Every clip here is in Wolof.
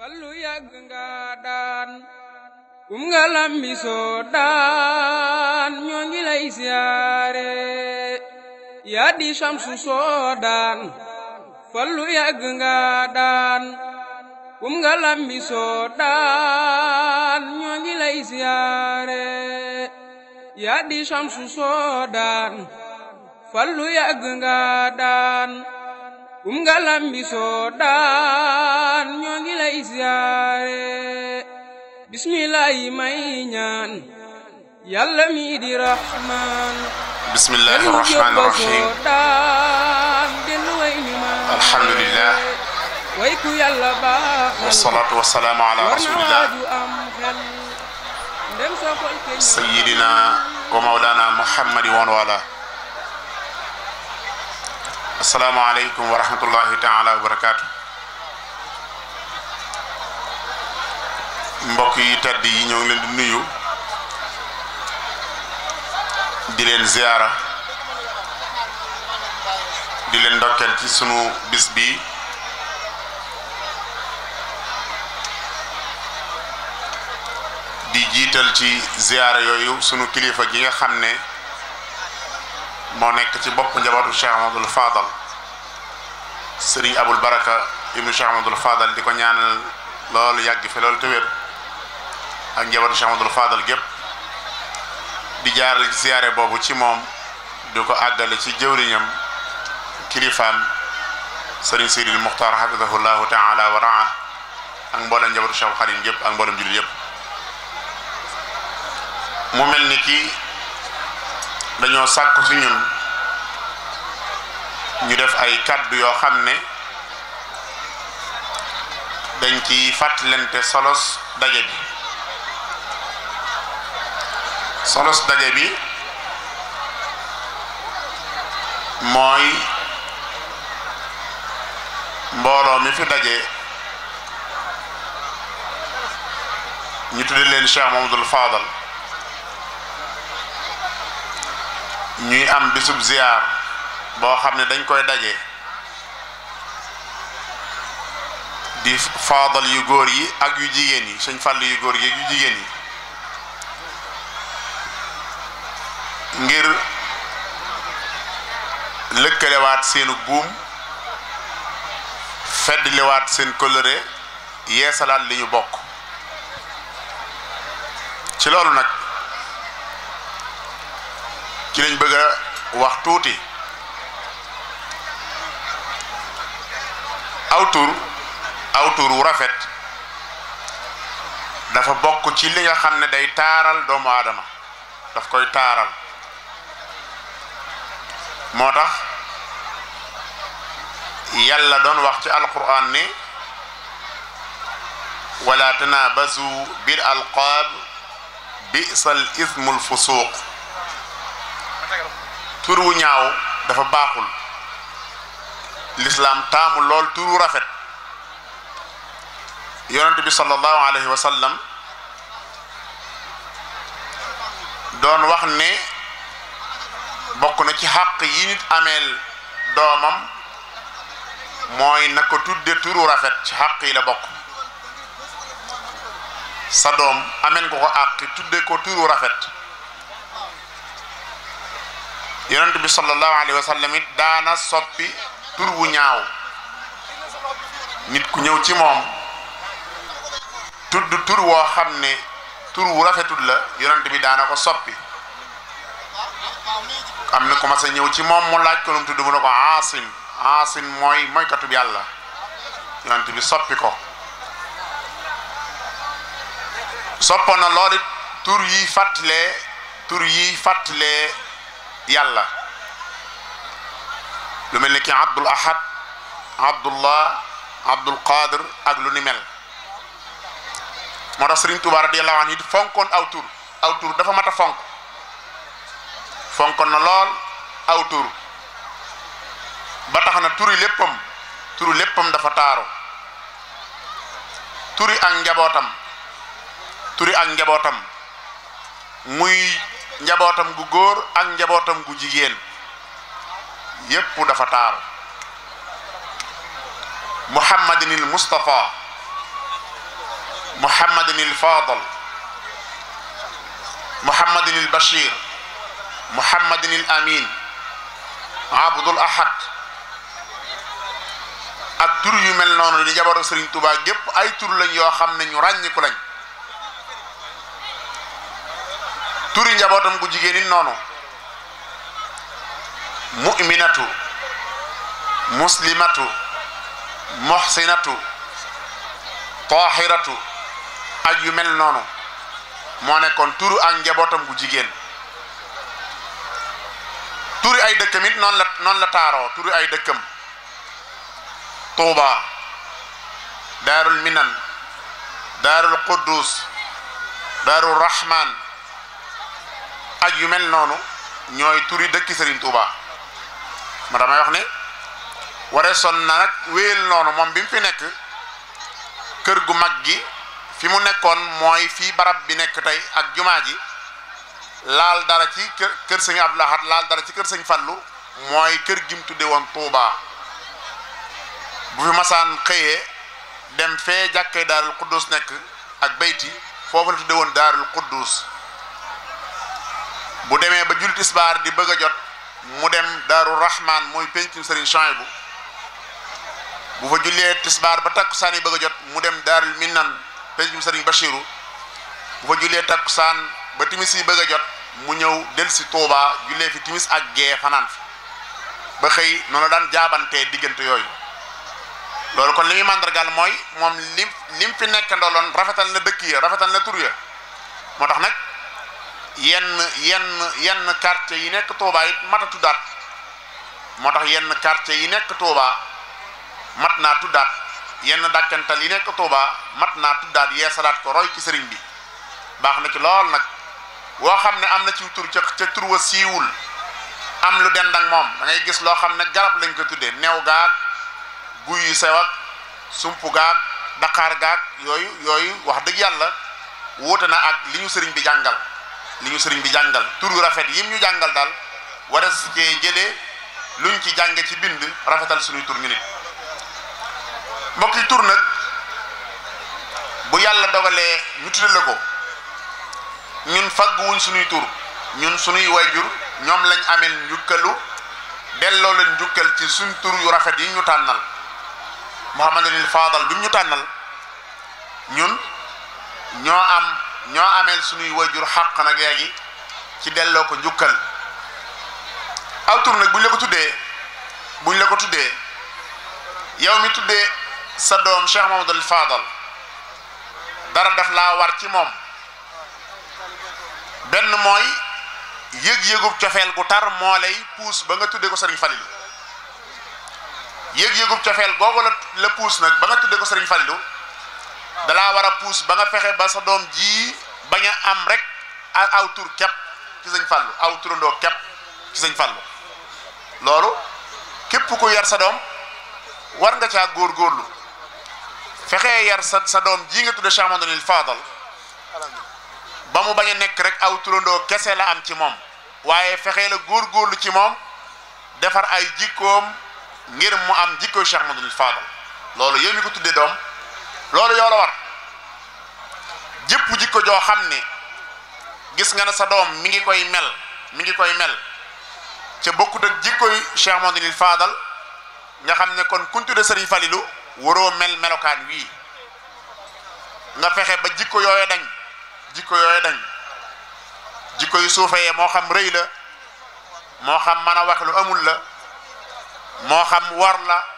fallu yàgg nga daan um nga lambi soo daan ñoo ngi lay siyaare yaa di samsu soo fallu yàgg nga daan um nga lambi soo daan ñoo ngi lay siyaare yaa di samsu soo fallu yàgg nga daan kum nga lambi soo daan ñoo ngi lay may ñaan yàlla mi di rahman bismillahi rahman rahim daan way ñu maan alhamdulillah way ku yàlla baax wasalaatu wasalaamu ala am xel ndem sa xol ke wa mawlana muhammadi woon wala asalaamaaleykum wa rahmatullahi taala wa barakaatu mbokk yi tedd yi ñoo ngi leen di nuyu di leen ziyaara di leen ndokkeel ci sunu bis bi di jiital ci ziyaara yooyu sunu kilifa gi nga xam ne mo nekk ci bopp njabootu Cheikh Amadou Fadal sëriñ Abul Baraka ibnu Cheikh Amadou Fadal di ko ñaanal loolu yàgg fi loolu te wér ak njabootu Cheikh Amadou Fadal gépp di jaaral ci ziare boobu ci moom di ko àggale ci jëwriñam kilifaam sëriñ Sidil Muxtaar hafidahullahu taala wa raa ak mboolem njabootu Cheikh Xadim gépp ak mboolem julit yépp mu mel ni kii dañoo sàkku ci ñun ñu def ay kàddu yoo xam ne dañ ciy fàttalente solos daje bi solos daje bi mooy mbooloo mi fi daje ñu tudde leen Cheikh Mamadou Fadal ñuy am bisub ziar boo xam ne dañ koy daje di faadal yu góor yi ak yu jigéen yi suñ fàll yu góor yi ak yu jigéen yi ngir lëkkalewaat seenu buum feddliwaat seen kóllëre yeesalaat li ñu bokk ci loolu nag ci lañ bëgg wax tuuti aw tur aw tur wu rafet dafa bokk ci li nga xam ne day taaral doomu aadama daf koy taaral moo tax yàlla doon wax ci alquran ni wala tanaabazu bil alqaab bi'sal ismul fusuq tur wu ñaaw dafa baaxul lislaam taamu lool tur wu rafet yonent bi sallallahu alayhi wa sallam doon wax ne bokk na ci xàq yi nit ameel doomam mooy na ko tudde turu rafet ci xàq yi la bokk sa doom ameel ko ko àq tudde ko wu rafet yonent bi sallallahu alayhi wa sallam it daana soppi tur wu ñaaw nit ku ñëw ci moom tudd tur woo xam ne tur wu rafetul la yonent bi daana ko soppi am na ku mas ñëw ci moom mu laaj ko nu mu tudd mu ko aasim aasim mooy moykatub yàlla yonent bi soppi ko soppoon na loolu tur yi fàttalee tur yi fàttalee yàlla lu mel ni ki abdul ahad abdullah abdul qadir ak lu ni mel moo tax sëriñ Tuubaa radiyallaahu anhu it fonkoon aw tur aw tur dafa mat a fonk fonkoon na lool aw tur ba tax na turi léppam turi léppam dafa taaru turi ak njabootam turi ak njabootam muy njabootam gu góor ak njabootam gu jigéen yépp dafa taaru muhammadinil mustafa muhammadinil faadal muhammadinil bashir muhammadinil amin abdul ahad ak tur yu mel noonu di jabaru sëriñ tubaa gépp ay tur lañ yoo xam ne ñu ràññiku lañ turi njabootam gu jigéen it noonu mu'minatu muslimatu muhsinatu taahiratu ak yu mel noonu moo nekkoon turu ak njabootam gu jigéen turi ay dëkkam it la noonu turi ay dëkkam Tuuba daarul minan daarul quddus daarul rahman aj yu mel noonu ñooy turi dëkki Serigne Touba ma damay wax ne waree son na nag wéyal noonu moom bi mu fi nekk kër gu mag gi fi mu nekkoon mooy fii barab bi nekk tey ak jumaa ji laal dara ci kër kër sëñ Abdou laal dara ci kër sëñ Fallou mooy kër gi mu tudde woon Touba bu fi masaan xëyee dem fee jàkkee daarul Quddus nekk ak bayti foofu la tudde woon daarul Quddus bu demee ba julli tisbaar di bëgg a jot mu dem daaru rahman mooy pencum sëriñ Chouaïbou bu fa jullee tisbaar ba takkusaan yi bëgg a jot mu dem daarul minnan pencum sëriñ Bachiru bu fa jullee takkusaan ba timis yi bëgg a jot mu ñëw del si Touba jullee fi timis ak gee fanaan fi ba xëy noonu daan jaabantee diggante yooyu loolu kon li muy màndargaal mooy moom lim lim fi nekk ndoloon rafetal na dëkk ya rafetal na tur ya moo tax nag yenn yenn yenn quartier yi nekk Touba it mat a tuddaat moo tax yenn quartier yi nekk Touba mat naa tuddaat yenn dàkkantal yi nekk Touba mat naa tuddaat yeesalaat ko roy ci sëriñ bi baax na ci lool nag woo xam ne am na ci tur ca ca tur wa siiwul am lu dend ak moom da gis loo xam ne garab lañ ko tuddee new gaag guy yu sew ak gaag daqaar gaag yooyu yooyu wax dëgg yàlla wuute na ak li ñu sëriñ bi jàngal li ñu sëriñ bi jàngal yu rafet yim ñu jàngal daal wara cee jëlee luñ ci jànge ci bind rafetal suñuy tur ñu nit mbokki tur nag bu yàlla dogalee ñu tudde ko ñun fagguwuñ suñuy tur ñun suñuy wayjur ñoom lañ amee njukkalu delloo leen njukkal ci suñ tur yu rafet yi ñu tànnal Muhammadul Faadal bi ñu tànnal ñun ñoo am ñoo ameel suñuy wajur xàq nag léegi ci delloo ko njukkal aw tur nag buñ la ko tuddee buñ la ko tuddee yow mi tuddee sa doom Cheikh Mamadou Fadal dara daf laa war ci moom benn mooy yëg-yëgub cofeel gu tar moo lay puus ba nga tuddee ko sëriñ Falilu yëg-yëgub cofeel googu la la puus nag ba nga tuddee ko sëriñ Falilu dalaa war a puus ba nga fexe ba sa doom ji bañ a am rek aw tur kepp ci sëñ Fallou aw turandoo kepp ci sëñ Fallou loolu képp ku yar sa doom war nga caa góorlu fexe yar sa sa doom jii nga tudde Cheikh Mouhamadoul Fadal ba mu bañ a nekk rek aw turandoo kese la am ci moom waaye fexee la góorgóorlu ci moom defar ay jikkoom ngir mu am jikko Cheikh Mouhamadoul Fadal loolu yow mi ko tuddee doom lolu yow la war jëpp jikko jo xamni gis nga na sa dom mi ngi koy mel mi ngi koy mel ci bokku tak jikko yi Cheikh Mouhamadoul Fadal nga xamne kon kuntu de Serigne falilu woro mel melokan wi nga fexe ba jikko yoyé dañ jikko yoyé dañ jikko yu suufee mo xam rëy la mo xam mana wax lu amul la mo xam war la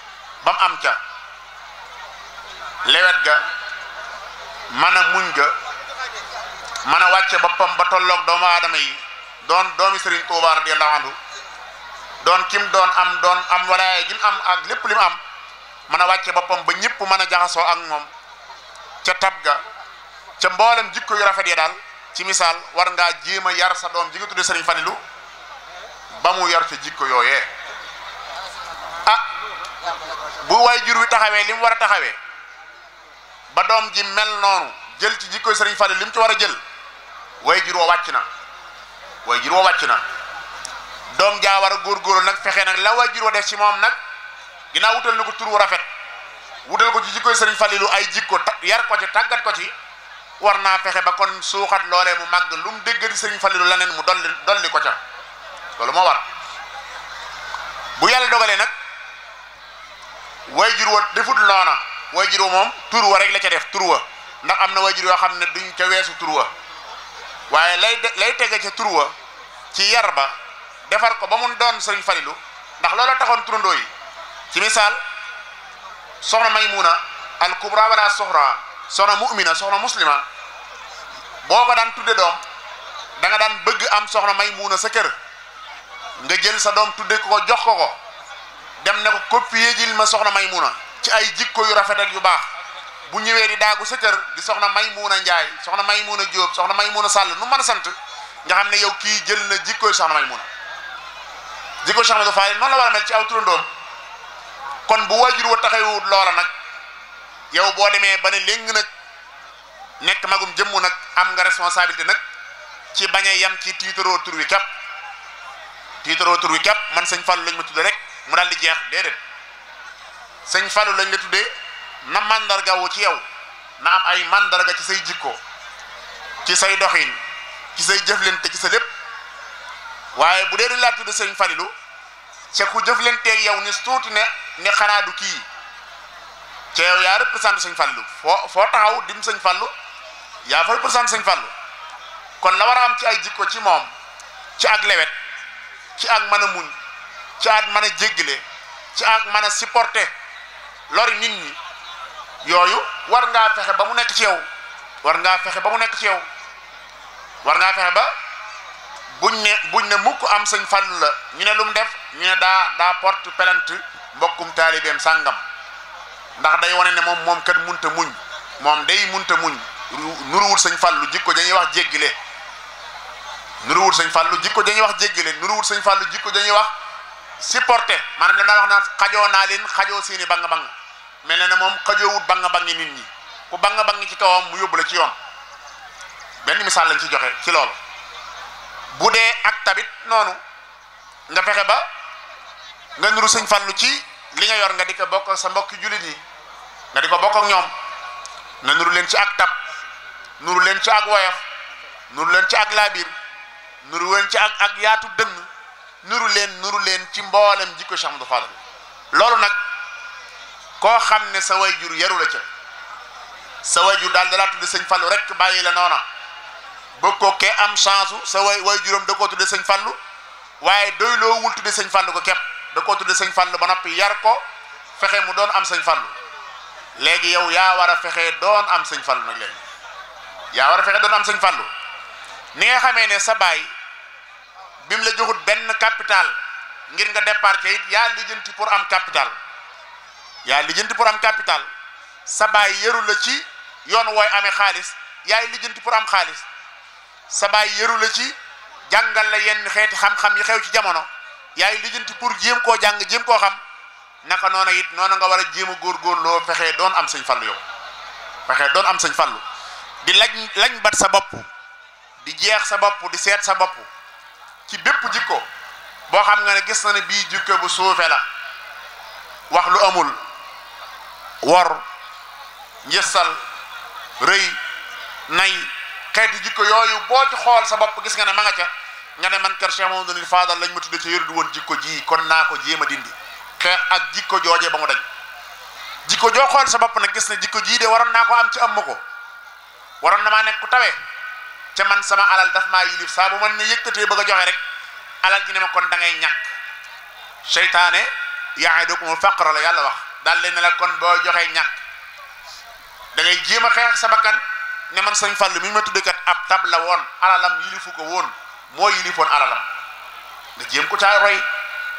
ba mu am ca lewet ga mën a muñ ga mën a wàcce boppam ba tolloog doomu aadama yi doon doomi Serigne Touba radiyallahu anhu doon kim doon am doon am walaay gi mu am ak lépp li mu am mën a wàcce boppam ba ñëpp mën a jaxasoo ak moom ca tab ga ca mboolem jikko yu rafet yi daal ci misaal war ngaa jéem a yar sa doom ji nga tudde Serigne Falilu ba mu yar ca jikko yooyee ah, bu waajur wi taxawee li mu war a taxawee ba doom ji mel noonu jël ci jikko sëriñ Fallou li mu ci war a jël waajur wa wàcc na waajur wa wàcc na doom jaa war a góor góorgóorlu nag fexe nag la waajur wa def ci moom nag ginnaaw wutal na ko tur wu rafet wutal ko ci jikkoy sëriñ Fallou ay jikko yar ko ci tàggat ko ci war naa fexe ba kon suuxat loole mu màgg lu mu déggati sëriñ Fallou leneen mu dolli dolli ko ca loolu moo war bu yàlla dogalee nag. wayjur wa defut noona wayjur wa moom tur wa rek la ca def tur wa ndax am na wayjur yoo xam ne duñ ca weesu tur wa waaye lay lay tege ca tur wa ci yarba defar ko ba mun doon sëriñ falilu ndax loola taxoon turandoo yi ci misaal soxna maymuna al kubra wala soxra soxna mu'mina soxna muslima boo ko daan tudde doom da daan bëgg am soxna may maymuna sa kër nga jël sa doom tudde ko jox ko ko dem na ko copier jil ma soxna Maymuna ci ay jikko yu rafet ak yu baax bu ñëwee di daagu sa kër di soxna Maymuna Njaay soxna Maymuna Jóob soxna Maymuna Sàll nu mën a sant nga xam ne yow kii jël na jikkoy soxna Maymuna jikko soxna du faay noonu la war a mel ci aw turandoom kon bu waajur wa taxawut loola nag yow boo demee ba ne léegi nag nekk magum jëmm nag am nga responsabilité nag ci bañ a yam ci tiitaroo tur wi képp tiitaroo tur wi képp man sëñ Fall lañ ma tudd rek mu daal di jeex déedéet sëñ Fallou lañ la tuddee na mandarga wu ci yow na am ay mandarga ci sey jikko ci say doxin ci say jëflante ci sa lépp waaye bu dee du laa tudd sëñ Fallou ca ku jëflanteeg yow ni tuuti ne ne xanaa kii ca yow yaa représenté sëñ Fallou foo foo taxaw dim sëñ Fallou yaa fa représenté sëñ Fallou kon la war a am ci ay jikko ci moom ci ak lewet ci ak mën muñ ci at mën a jéggile ci ak mën a supporter lori nit ñi yooyu war ngaa fexe ba mu nekk ci yow war ngaa fexe ba mu nekk ci yow war ngaa fexe ba buñ ne buñ ne mukk am sëñ fàll la ñu ne lu mu def ñu ne daa port pelant plainte mbokkum taalibeem sàngam ndax day wane ne moom moom kat munta muñ moom day munute muñ sañ sëñ lu jikko dañuy wax jéggile nuruwul sëñ lu jikko dañuy wax jéggile nuruwul sëñ fàllu jikko dañuy wax supporté maanaam leen daa wax naan xajoo naa leen xajoo seeni banga bang mel na ne moom xajoowut bang bang nit ñi ku bang bang ci kawam mu yóbbu la ci yoon benn misaal lañ ci joxe ci loolu bu dee ak tamit noonu nga pexe ba nga nuru sëñ Fallu ci li nga yor nga di ko bokk sa mbokki jullit yi nga di bokk ak ñoom nga nuru leen ci ak tab nuru leen ci ak woyof nuru leen ci ak laabir nuru leen ci ak ak yaatu dënn nuru leen nuru leen ci mboolem jikko Cheikh Amadou Fadal loolu nag koo xam ne sa jur yaru la ca sa jur daal dalaa tudde sëñ Fallu rek bàyyi la noona bëgg ko kee am chance sa way wayjuram da koo tudde sëñ Fallu waaye doy loo wul tudde sëñ Fallu ko kepp da koo tudde sëñ Fallu ba noppi yar ko fexe mu doon am sëñ fal léegi yow yaa war a fexe doon am sëñ Fallu nag léegi yaa war a fexe doon am sëñ Fallu ni nga xamee ne sa baay bi mu la joxut benn capital ngir nga départ ca it yaa lijjanti pour am capital yaa lijjanti pour am capital sa baay yëru la ci yoon wooy amee xaalis yaay lijjanti pour am xaalis sa baay yëru la ci jàngal la yenn xeeti xam-xam yi xew ci jamono yaay lijjanti pour jéem koo jàng jéem koo xam naka noona it noona nga war a jéem a góorgóorloo fexee doon am sëñ fallu yow fexee doon am sëñ fallu di lañ lañ bat sa bopp di jeex sa bopp di seet sa bopp ci bépp jikko boo xam nga ne gis na ne bii jikko bu suufe la wax lu amul wor njësal rëy nay xeeti jikko yooyu boo ci xool sa bopp gis nga ne ma nga ca nga ne man kër Cheikh Mamadou Fadal lañ ma tudde ca yërdu woon jikko ji kon naa ko jéem dindi xeex ak jikko joojee ba mu daj jikko joo xool sa bopp nag gis na jikko jii de waroon naa ko am ci am ma ko waroon na maa nekk ku tawee ca man sama alal daf maa yilif saa bu man ne yëkkatee bëgg a joxe rek alal ji ne ma kon da ngay ñàkk seytaane ma faqra la yàlla wax daal leen ne la kon doo joxe ñàkk da jéem a xeex sa bakkan ne man sëñ Fallu mi ñu ma tudde kat ab tab la woon alalam yilifu ko woon moo yilifoon alalam nga jéem ko caa roy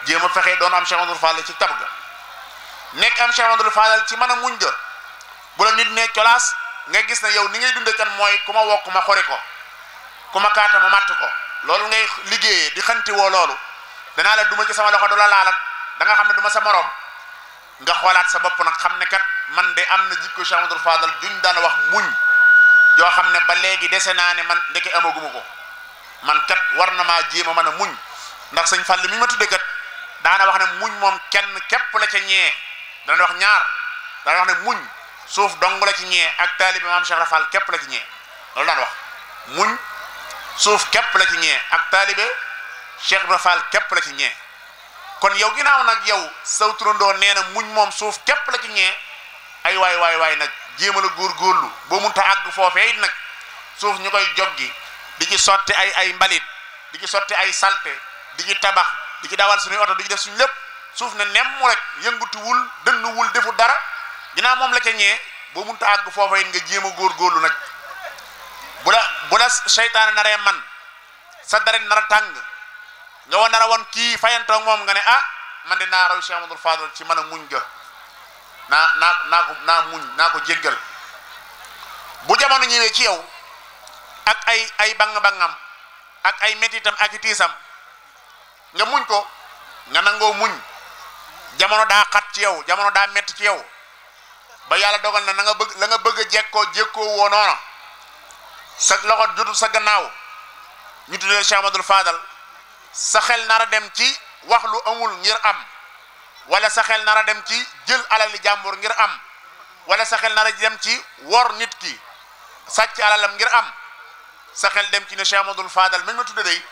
jéem a fexe doon am Cheikh Amadou ci tab ga nekk am Cheikh Amadou Fall ci mën a muñ ga bu la nit ne colaas nga gis ne yow ni ngay dunde kan mooy ku ma wokk ma xori kuma kaata ma matt ko loolu ngay liggéeyee di xanti woo loolu danaa la duma ci sama loxo du la laal ak da nga xam ne du sa morom nga xoolaat sa bopp nag xam ne kat man de am na jikko Cheikh Amadou Fadal duñ daan wax muñ joo xam ne ba léegi dese naa ne man ndeke amaguma ko man kat war na maa jéem mën a muñ ndax sëñ Fall mi ma tudde kat daana wax ne muñ moom kenn képp la ca ñee dana wax ñaar dana wax ne muñ suuf dong la ci ñee ak taalibe maam Cheikh Rafal képp la ci ñee loolu daan wax muñ suuf képp la ci ñee ak taalibe Cheikh Ibra Fall képp la ci ñee kon yow ginnaaw nag yow saw turandoo nee na muñ moom suuf képp la ci ñee ay waay waay waay nag jéem a la góorlu boo munta àgg foofee it nag suuf ñu koy joggi di ci sotti ay ay mbalit di ci sotti ay salpe di ci tabax di ci dawal suñuy oto di ci def suñu lépp suuf na nemm rek yëngatuwul dënnuwul defu dara ginnaaw moom la ca ñee boo munta àgg foofee it nga jéem a góorlu nag Bulas shaytan seytaane naree man sa darin nar a tàng nga wa nar a ki kii fayantoo moom nga ne ah man de na raw Cheikh Amadou Fadal ci mën muñ ga na na na ko na muñ na ko jegal bu jamono ñewé ci yow ak ay ay bang-bangam ak ay metitam ak tisam nga muñ ko nga nango muñ jamono da xat ci yow jamono da metti ci yow ba yalla dogal na nga bëgg la nga bëgg jekko jekko jekkoo sa loxo jotul sa gannaaw ñu tuddee Cheikh Amadou Fadal sa xel nar a dem ci wax lu amul ngir am wala sa xel nara dem ci jël alali jàmbur ngir am wala sa xel nar a dem ci wor nit ki sàcc alalam ngir am sa xel dem ci ne Cheikh Amadou Fadal mañ ma tudde day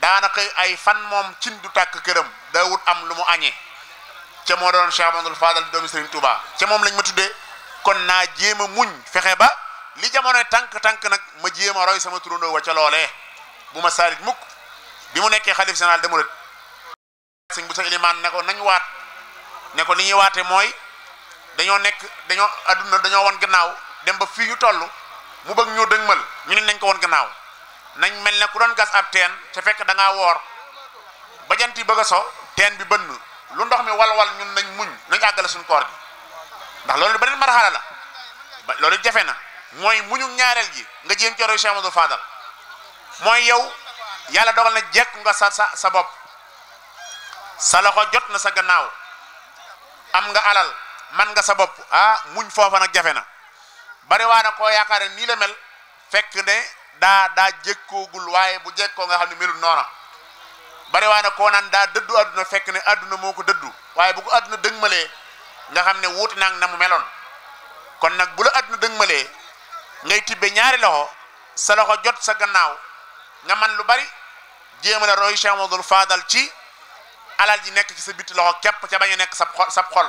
daanaka ay fan moom cin du tàkk këram daa wut am lu mu añee ca moo doon Cheikh Amadou Fadal doomi Serigne Touba ca moom lañ ma tuddee kon naa jéem a muñ fexe ba li jamono tànk-tànk nag ma jéem a roy sama turandoo wa ca loole bu ma saarit mukk bi mu nekkee xalif général de Mouride sëñ bu sa ilimaan ne ko nañ waat ne ko li ñuy waate mooy dañoo nekk dañoo àdduna dañoo won gannaaw dem ba fii ñu toll mu bëgg ñoo dëgmal ñu ne nañ ko woon gannaaw nañ mel ne ku doon gas ab teen te fekk da ngaa woor ba jant yi bëgg a so teen bi bënn lu ndox mi walwal ñun nañ muñ nañ àggale suñ koor gi ndax loolu beneen marxala la loolu jafe na mooy muñu ñaareel gi nga jéem coro Cheikh Amadou Fadal mooy yow yàlla dogal na jekk nga sa sa sa bopp sa loxo jot na sa gannaaw am nga alal man nga sa bopp ah muñ foofa nag jafe na bare waa na koo yaakaar nii la mel fekk ne daa daa jékkoogul waaye bu jekkoo nga xam ne melul noona bare waa na koo naan daa dëddu àdduna fekk ne àdduna moo ko dëddu waaye bu ko àdduna dëgmalee nga xam ne wuute naa na mu meloon kon nag bu la àdduna dëgmalee ngay tibbe ñaari loxo sa loxo jot sa gannaaw nga man lu bari jéema la roy Cheikh Amadou Fadal ci alal ji nekk ci sa bitti loxo képp ca bañ a nekk sa xol sab xol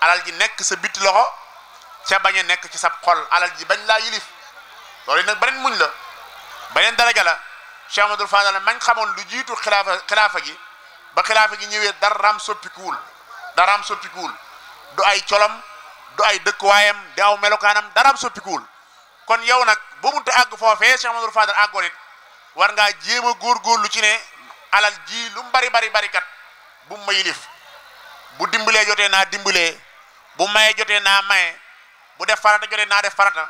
alal ji nekk sa bitti loxo ca bañ a nekk ci sa xol alal ji bañ la yilif loolu nag beneen muñ la beneen daraja la Cheikh Amadou Fadal mañ xamoon lu jiitu xilaafa xilaafa gi ba xilaafa gi ñëwee daraam soppikuwul daraam soppikuwul du ay colom du ay dëkkuwaayam di aw melokaanam daraam soppikuwul kon yow nag bu muntu àgg foofee Cheikh Mamadou Fadal àggoon it war ngaa jéem a góorgóorlu ci ne alal ji lu mu bari bari kat bu mu ma yilif bu dimbalee jotee naa dimbalee bu mayee jotee naa maye bu def farata jotee naa def farata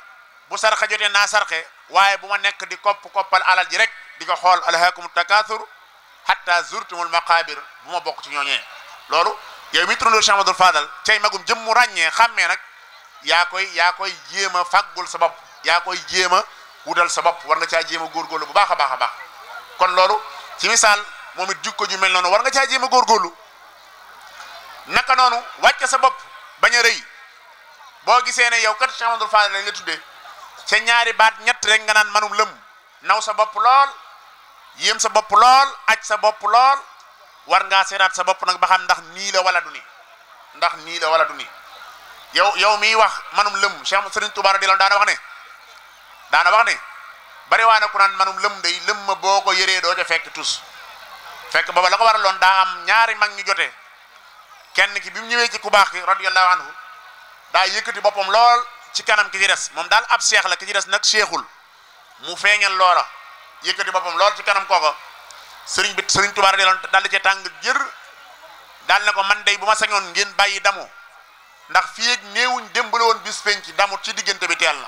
bu sarxe jotee naa sarxe waaye bu ma nekk di kopp koppal alal ji rek di ko xool alhaakumu takaathur hatta zurtumul maqaabir bu ma bokk ci ñooñee loolu yow mi turandoo Cheikh Mamadou Fadal cay jëm mu ràññee xàmmee nag yaa koy yaa koy jéem a fàggul sa bopp ya koy jéem a wutal sa bopp war nga caa jéem a góorgóorlu bu baax a baax a baax kon loolu ci misaal moom it jukko ju mel noonu war nga caa jéem a góorgóorlu naka noonu wàcce sa bopp bañ a rëy boo ne yow kat Cheikh Amadou Fadel lañ la tuddee ca ñaari baat ñett rek nga naan manum lëm naw sa bopp lool yéem sa bopp lool aj sa bopp lool war ngaa seeraat sa bopp nag ba xam ndax nii la wala du ni ndax nii la wala du ni yow yow wax manum lëm Cheikh Sëriñ Tuubaa radiyallaahu daana wax ne daana wax ne bari waa ku naan manum lëm day lëm ma boo ko yëree doo ca fekk tus fekk booba la ko waraloon daa am ñaari mag ñu jotee kenn ki bi mu ñëwee ci ku baax ki radiyallahu anhu daa yëkkati boppam lool ci kanam ki ci des moom daal ab cheikh la ki ci des nag cheikhul mu feeñal loola yëkkati boppam lool ci kanam kooko sëriñ bi sëriñ Tuubaa deloon daal di ca tàng jër dal na man day bu ma ngeen bàyyi damu ndax fii ak néewuñ bis damu ci diggante bi teel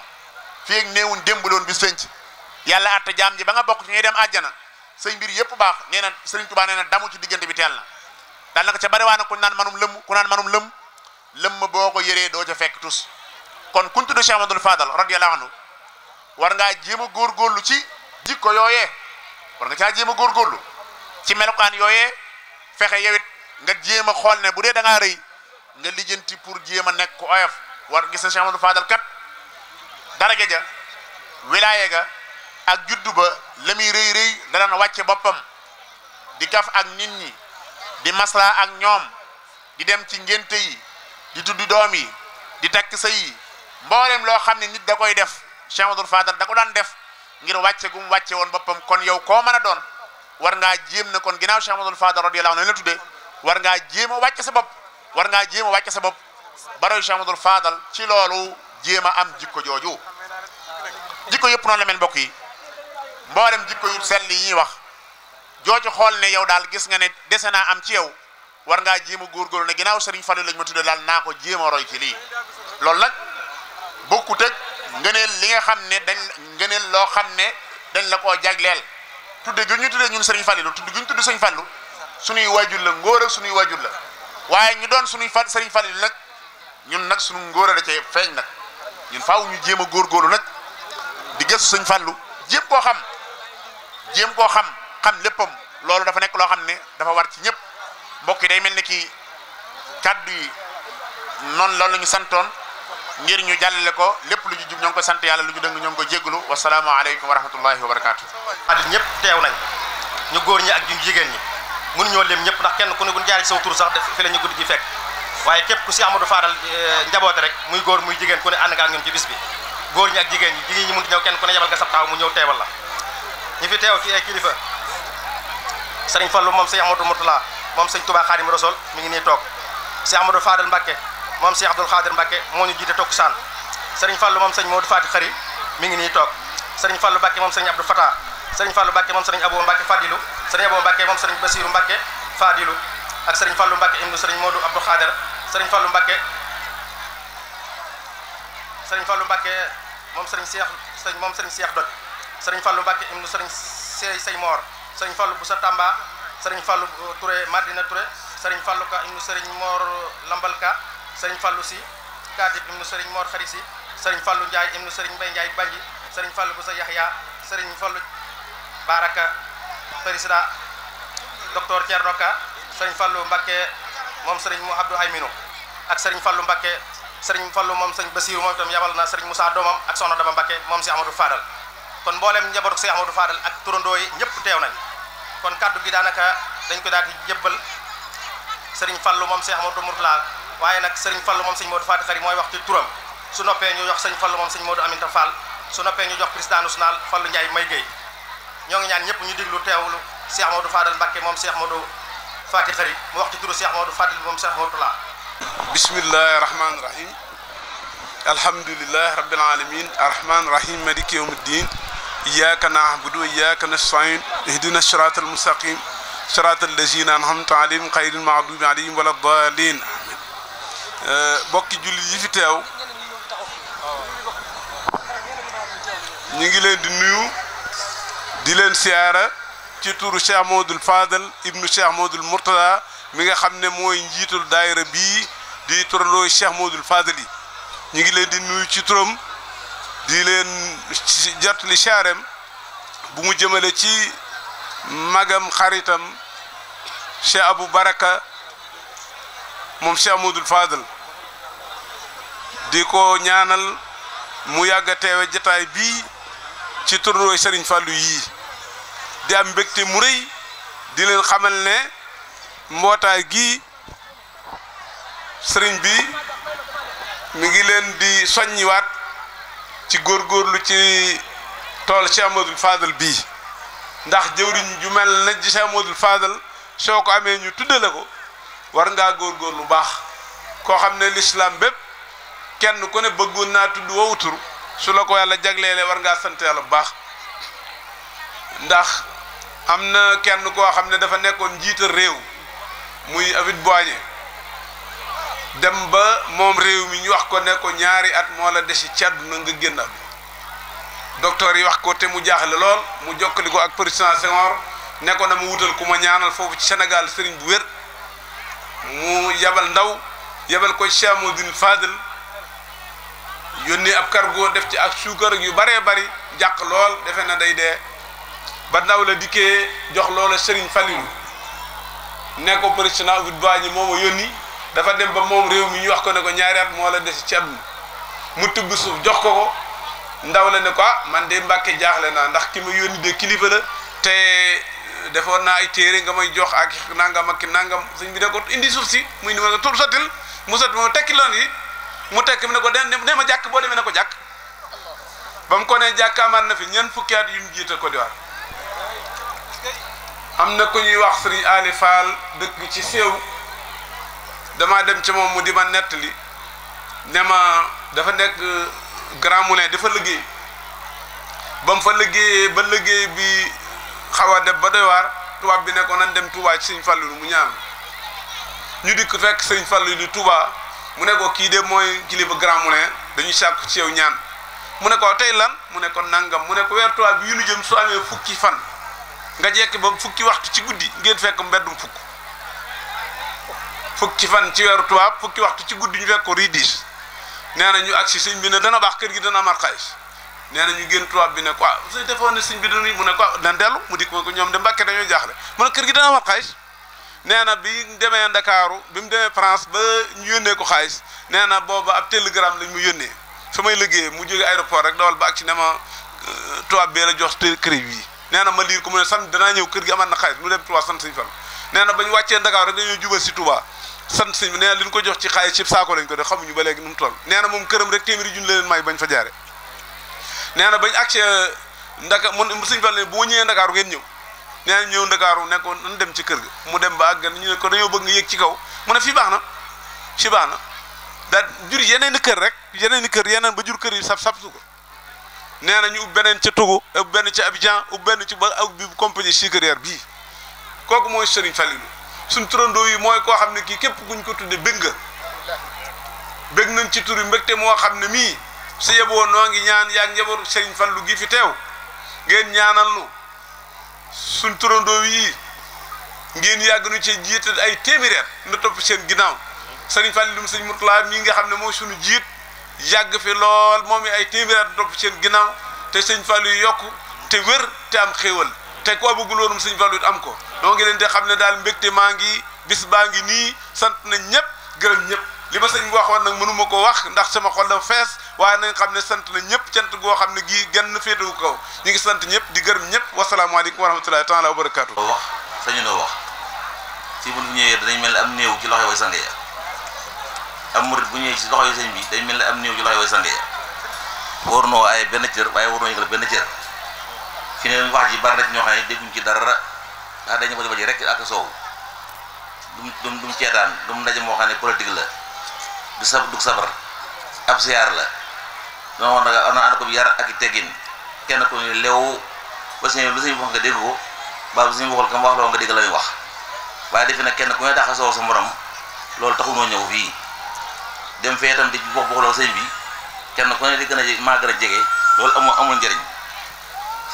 fii ak néewuñ démb loon bis fenc yàlla atta jaam ji ba nga bokk ci ñuy dem àjjana say mbir yëpp baax nee na Sëriñ Tuubaa nee na damu ci diggante bi teel na daal ka ko ca bari waa na ku naan manum lëmm ku naan manum lëmm lëmm boo ko yëree doo ca fekk tus kon kun tudd Cheikh Amadou Fadal radiyallahu anhu war ngaa jéem a lu ci jikko yooyee war nga caa jéem a góorgóorlu ci melokaan yooyee fexe yewit nga jéem a xool ne bu dee da ngaa rëy nga lijjanti pour jéem ma nekk ku oyof war gis na Cheikh Amadou Fadal dara ja wilaya ga ak juddu ba lamuy reey reey da na wacce bopam di kaf ak nit ñi di masla ak ñom di dem ci yi di tududomi doom di tak sey mbolem lo xamni nit da koy def Cheikh Abdoul Fadal da ko dan def ngir wacce gum wacce won bopam kon yow ko mën a doon war nga jéem na kon ginaaw Cheikh Abdoul Fadal radiyallahu anhu la tuddee war nga jéem wacce sa bop war nga jéem wacce sa bop baroy Cheikh Fadal ci lolu jéem a am jikko jooju jikko yëpp noonu la mel mbokk yi mboolem jikko yu sell yi ñuy wax jooju xool ne yow daal gis nga ne dese naa am ci yow war ngaa jéem a góor ne ginnaaw sëriñ Fallou lañ ma tudde daal naa ko jéem a roy ci lii loolu nag bokkut ak li nga xam ne dañ ngëneel loo xam ne dañ la koo jagleel tudde gi ñu tudde ñun sëriñ Fallou tudde gi ñu tudde sëriñ Fallou suñuy waajur la ngóor ak suñuy waajur la waaye ñu doon suñuy fa sëriñ nag ñun nag suñu ngóor a da cee feeñ nag ñun faaw ñu jéem a góorgóorlu nag di gëstu suñ Fallou jéem koo xam jéem koo xam xam léppam loolu dafa nekk loo xam ne dafa war ci ñëpp mbokk yi day mel ni kii kàddu yi noonu loolu la ñu santoon ngir ñu jàllale ko lépp lu ñu jub ñoo ko sant yàlla lu ñu dëng ñoom ko jéggalu wasalaamaaleykum wa rahmatullahi wa barakaatu. at ñëpp teew nañ ñu góor ñi ak ñu jigéen ñi mënuñoo lim ñëpp ndax kenn ku ne bu jaar ci sa tur sax def fi la ñu guddi gi fekk. waaye képp ku si Amadou Fadal eh, njaboote rek muy góor muy jigéen ku ne ànd nga ak ñoom ci bis bi góor ñi ak jigéen ñi jigéen ñi mënut ñëw kenn ku ne yebal nga sab mu ñëw teewal la ñu fi teew ci ay kilifa sëriñ Fallu moom sëñ Amadou Moutala moom sëñ Touba Xaadim mi ngi nii toog sëñ Amadou Fadal Mbacke moom sëñ Abdoul moo ñu jiite tokku saan sëriñ Fallu moom sëñ Modou Fati Xari mi ngi nii toog sëriñ Fallu Mbacke moom sëñ Abdou Fata sëriñ Fallu Mbacke moom sëriñ Abou Mbacke Fadilu sëriñ Abou Mbacke moom sëriñ Basiru Mbacke Fadilu ak sëriñ Fallu Mbacke ibnu sëriñ Modou Abdou Xaadir sëriñ falu Mbakke sëriñ falu Mbakke moom sëriñ Seex sëriñ moom sëriñ Seex Doj sëriñ Fallou Mbakke ibnu sëriñ Sey Sey Moor sëriñ Fallou Boussa Tamba sëriñ Fallou Touré Madina Touré sëriñ Fallou Ka ibnu sëriñ Moor Lambalka sëriñ falu Si Kaatib ibnu sëriñ Moor Xarisi sëriñ Fallou Ndiaye ibnu sëriñ Mbay Ndiaye Banji sëriñ Fallou Boussa Yaxya sëriñ Fallou Baraka président docteur Thierno Ka sëriñ Fallou Mbakke moom sëriñ mu Abdou ak serigne Fallu mbacke serigne Fallu mom serigne Basiiru mom tam yabal na serigne Moussa domam ak sonna dama mbacke mom si Amadou Fadal kon mbollem njabotou si Amadou Fadal ak turandoo yi ñepp teew nañ kon kaddu gi danaka dañ ko daal di jébbal sëriñ Fallu mom cheikh Amadou Mourtala waye nak serigne Fallu mom serigne Modou Fati Xari moy wax ci turam su noppé ñu jox serigne Fallu mom serigne Modou Aminta Fall su noppé ñu jox président national Fallu Ndiaye May geey ñoo ngi ñaan ñepp ñu diglu tewlu Cheikh amadou Fadal mbacke mom Cheikh Modou Fati mu wax ci turu Cheikh Modou fadal mom Cheikh Modou Talla بسم الله الرحمن الرحيم الحمد لله رب العالمين الرحمن الرحيم مالك يوم الدين إياك نعبد وإياك نستعين اهدنا الصراط المستقيم صراط الذين أنعمت عليهم غير المغضوب عليهم ولا الضالين آه، بوك جولي yi fi نيغي لين دي نيو دي لين di تي siyaara ci turu الفاضل ابن Fadel ibnu المرتضى mi nga xam ne mooy njiitul daayira bii di turandoo Cheikh Modou Fadel yi ñu ngi leen di nuyu ci turam di leen jot li bu mu jëmale ci magam xaritam Cheikh Abou Baraka moom Cheikh Modou Fadel di ko ñaanal mu yàgg teewe jataay bii ci turandoo Serigne Fallou yi di am mbégte mu rëy di leen xamal ne mbootaay gii sëriñ bi mi ngi leen di soññiwaat ci góor góorlu ci tool Cheikh Amadou Fadal bii ndax jëwriñ ju mel na ci Cheikh Amadou Fadal soo ko amee ñu tuddale ko war ngaa góor lu baax koo xam ne lislaam bépp kenn ku ne bëggoon naa tudd wowutur su la ko yàlla jagleele war ngaa sant bu baax ndax am na kenn koo xam ne dafa nekkoon njiital réew muy Hivette Boigny dem ba moom réew mi ñu wax ko ne ñaari at moo la desi ci àdduna nga génn am docteur yi wax ko te mu jaaxle lool mu jokkali ko ak président Senghor nekkoon a mu wutal ku ma ñaanal foofu ci senegal sëriñ bu wér mu yabal ndaw yabal ko Cheikh Modou Fadel yónnee ab cargo def ci ak suukar yu baree bari jàq lool defe na day dee ba ndaw la dikkee jox loola sëriñ Falilu ne ko président Abdou Badji moo ma yónni dafa dem ba moom réew mi ñu wax ko ne ko ñaari at moo la des ci àdduna mu tibb suuf jox ko ko ndaw la ne ko ah man de Mbàkke jaaxle naa ndax ki ma yónni de kilifa la te eh, defoon naa ay téere nga may jox ak nangam ak nangam suñ bi ne ko indi suuf si muy ni ma tur sottil mu sotti ma tekki loon yi mu tekki ne ko de ma jàkk boo demee ne ko jàkk ba mu ko nee jàkk amaat na fi ñeent fukki at yu mu jiite ko di waar am na ku ñuy wax sëriñ Ali Fall dëkk ci séew damaa dem ci moom mu di ma nettali ne ma dafa nekk Grand Moulin dafa liggéey ba mu fa liggéeyee ba liggéey bi xaw a def ba doy waar tubaab bi ne ko dem Touba ci sëñ Fallu mu ñaan ñu dikk fekk sëñ Fallu di Touba mu ne ko kii de mooy kilifa Grand Moulin dañu sàkku ci yow ñaan mu ne ko tey lan mu ne ko nangam mu ne ko weer tubaab bi yu su amee fukki fan. nga jekki ba fukki waxtu ci guddi ngeen fekk mbeddum fukk fukki fan ci weeru tubaab fukki waxtu ci guddi ñu fekk ko riidis nee na ñu agsi sëñ bi ne dana baax kër gi dana amar xaalis nee na ñu génn tubaab bi ne ko ah, su defoon ne sëñ bi dana mu ne ko ah, dan dellu mu dikk ma ko ñoom de mbàkke dañoo jaaxle mu ne kër gi dana amar xaalis nee na bi demee ndakaaru bi mu demee France ba ñu yónnee ko xaalis nee na booba ab télégramme lañ mu yónnee su may liggéey mu jóge aéroport rek dawal ba ak ci ma euh, tubaab bee la jox crédit bi nee ma liir ko mu ne sant danaa ñëw kër gi amaat na xaalis mu dem Touba sant sëñ Fall nee na bañ wàccee Dakar rek dañoo jubal si Touba sant sëñ bi nee na ko jox ci xaalis ci saako lañ ko def xamuñu ba léegi nu mu nee na moom këram rek téeméeri junni la leen may bañ fa jaare nee na bañ accès ndaka mun sëñ Fall ne bu ma ñëwee Dakar ngeen ñëw nee na ñëw Dakar ne ko nan dem ci kër gi mu dem ba àgg ñu ne ko dañoo bëgg nga yéeg ci kaw mu ne fii baax na fii baax na daa jur yeneen i kër rek yeneen i kër yeneen ba jur kër yi sab sab su nee na ub beneen ci Togo ub benn ci Abidjan ub benn ci ba ak bi compagnie sucrière bii kooku mooy Serigne Fallilou suñ turandoo yi mooy koo xam ne kii képp kuñ ko tudde bëgg nga nañ ci turi mbégte moo xam ne mii sa yeboo noo ngi ñaan yaa njabootu Serigne Fallou gi fi teew ngeen ñaanal nu suñ turandoo yi ngeen yàgg nu ci jiite ay téeméer na topp seen ginnaaw Serigne Fallou Serigne Mourtala mii nga xam ne mooy suñu jiit yàgg fi lool moom i ay téeméer at topp seen ginnaaw te sëñ Fallou yi yokk te wér te am xéewal te koo bëggul woonum sëñ Fallou it am ko doo ngi leen di xam ne daal mbégte maa ngi bis baa ngi nii sant nañ ñëpp gërëm ñëpp li ma sëñ bi waxoon nag mënuma ko wax ndax sama xol dafa fees waaye nañ xam ne sant na ñëpp cant goo xam ne gii genn féetewu kaw ñi ngi sant ñëpp di gërëm ñëpp wasalaamaaleykum wa rahmatullahi taala wa barakaatu. wax sañu noo wax fii bu ñëwee danañ mel am néew ci loxo way sang am murid bu ñëwee ci loxoy sëñ bi dañ mel am néew ci lay way sang worno ay ben cër way worno yëgal ben cër fi ne wax ji bar rek ño xay xam ci dara ndax dañu bëgg bëgg rek ak soow dum dum dum ceetaan dum ndaje mo xane politique la du sab du sabar ab ziar la dama wona nag ana ko yar ak teggin kenn ko ne lew ba señ lu señ wax nga dégg ko ba sëñ waxul kam wax lo nga dégg lay wax waye defe nag kenn ku ne taxaso a soow sa morom loolu taxunoo ñëw fii dem fee itam di bokk bi kenn ku gën a jege maa gën a loolu amoo amul njariñ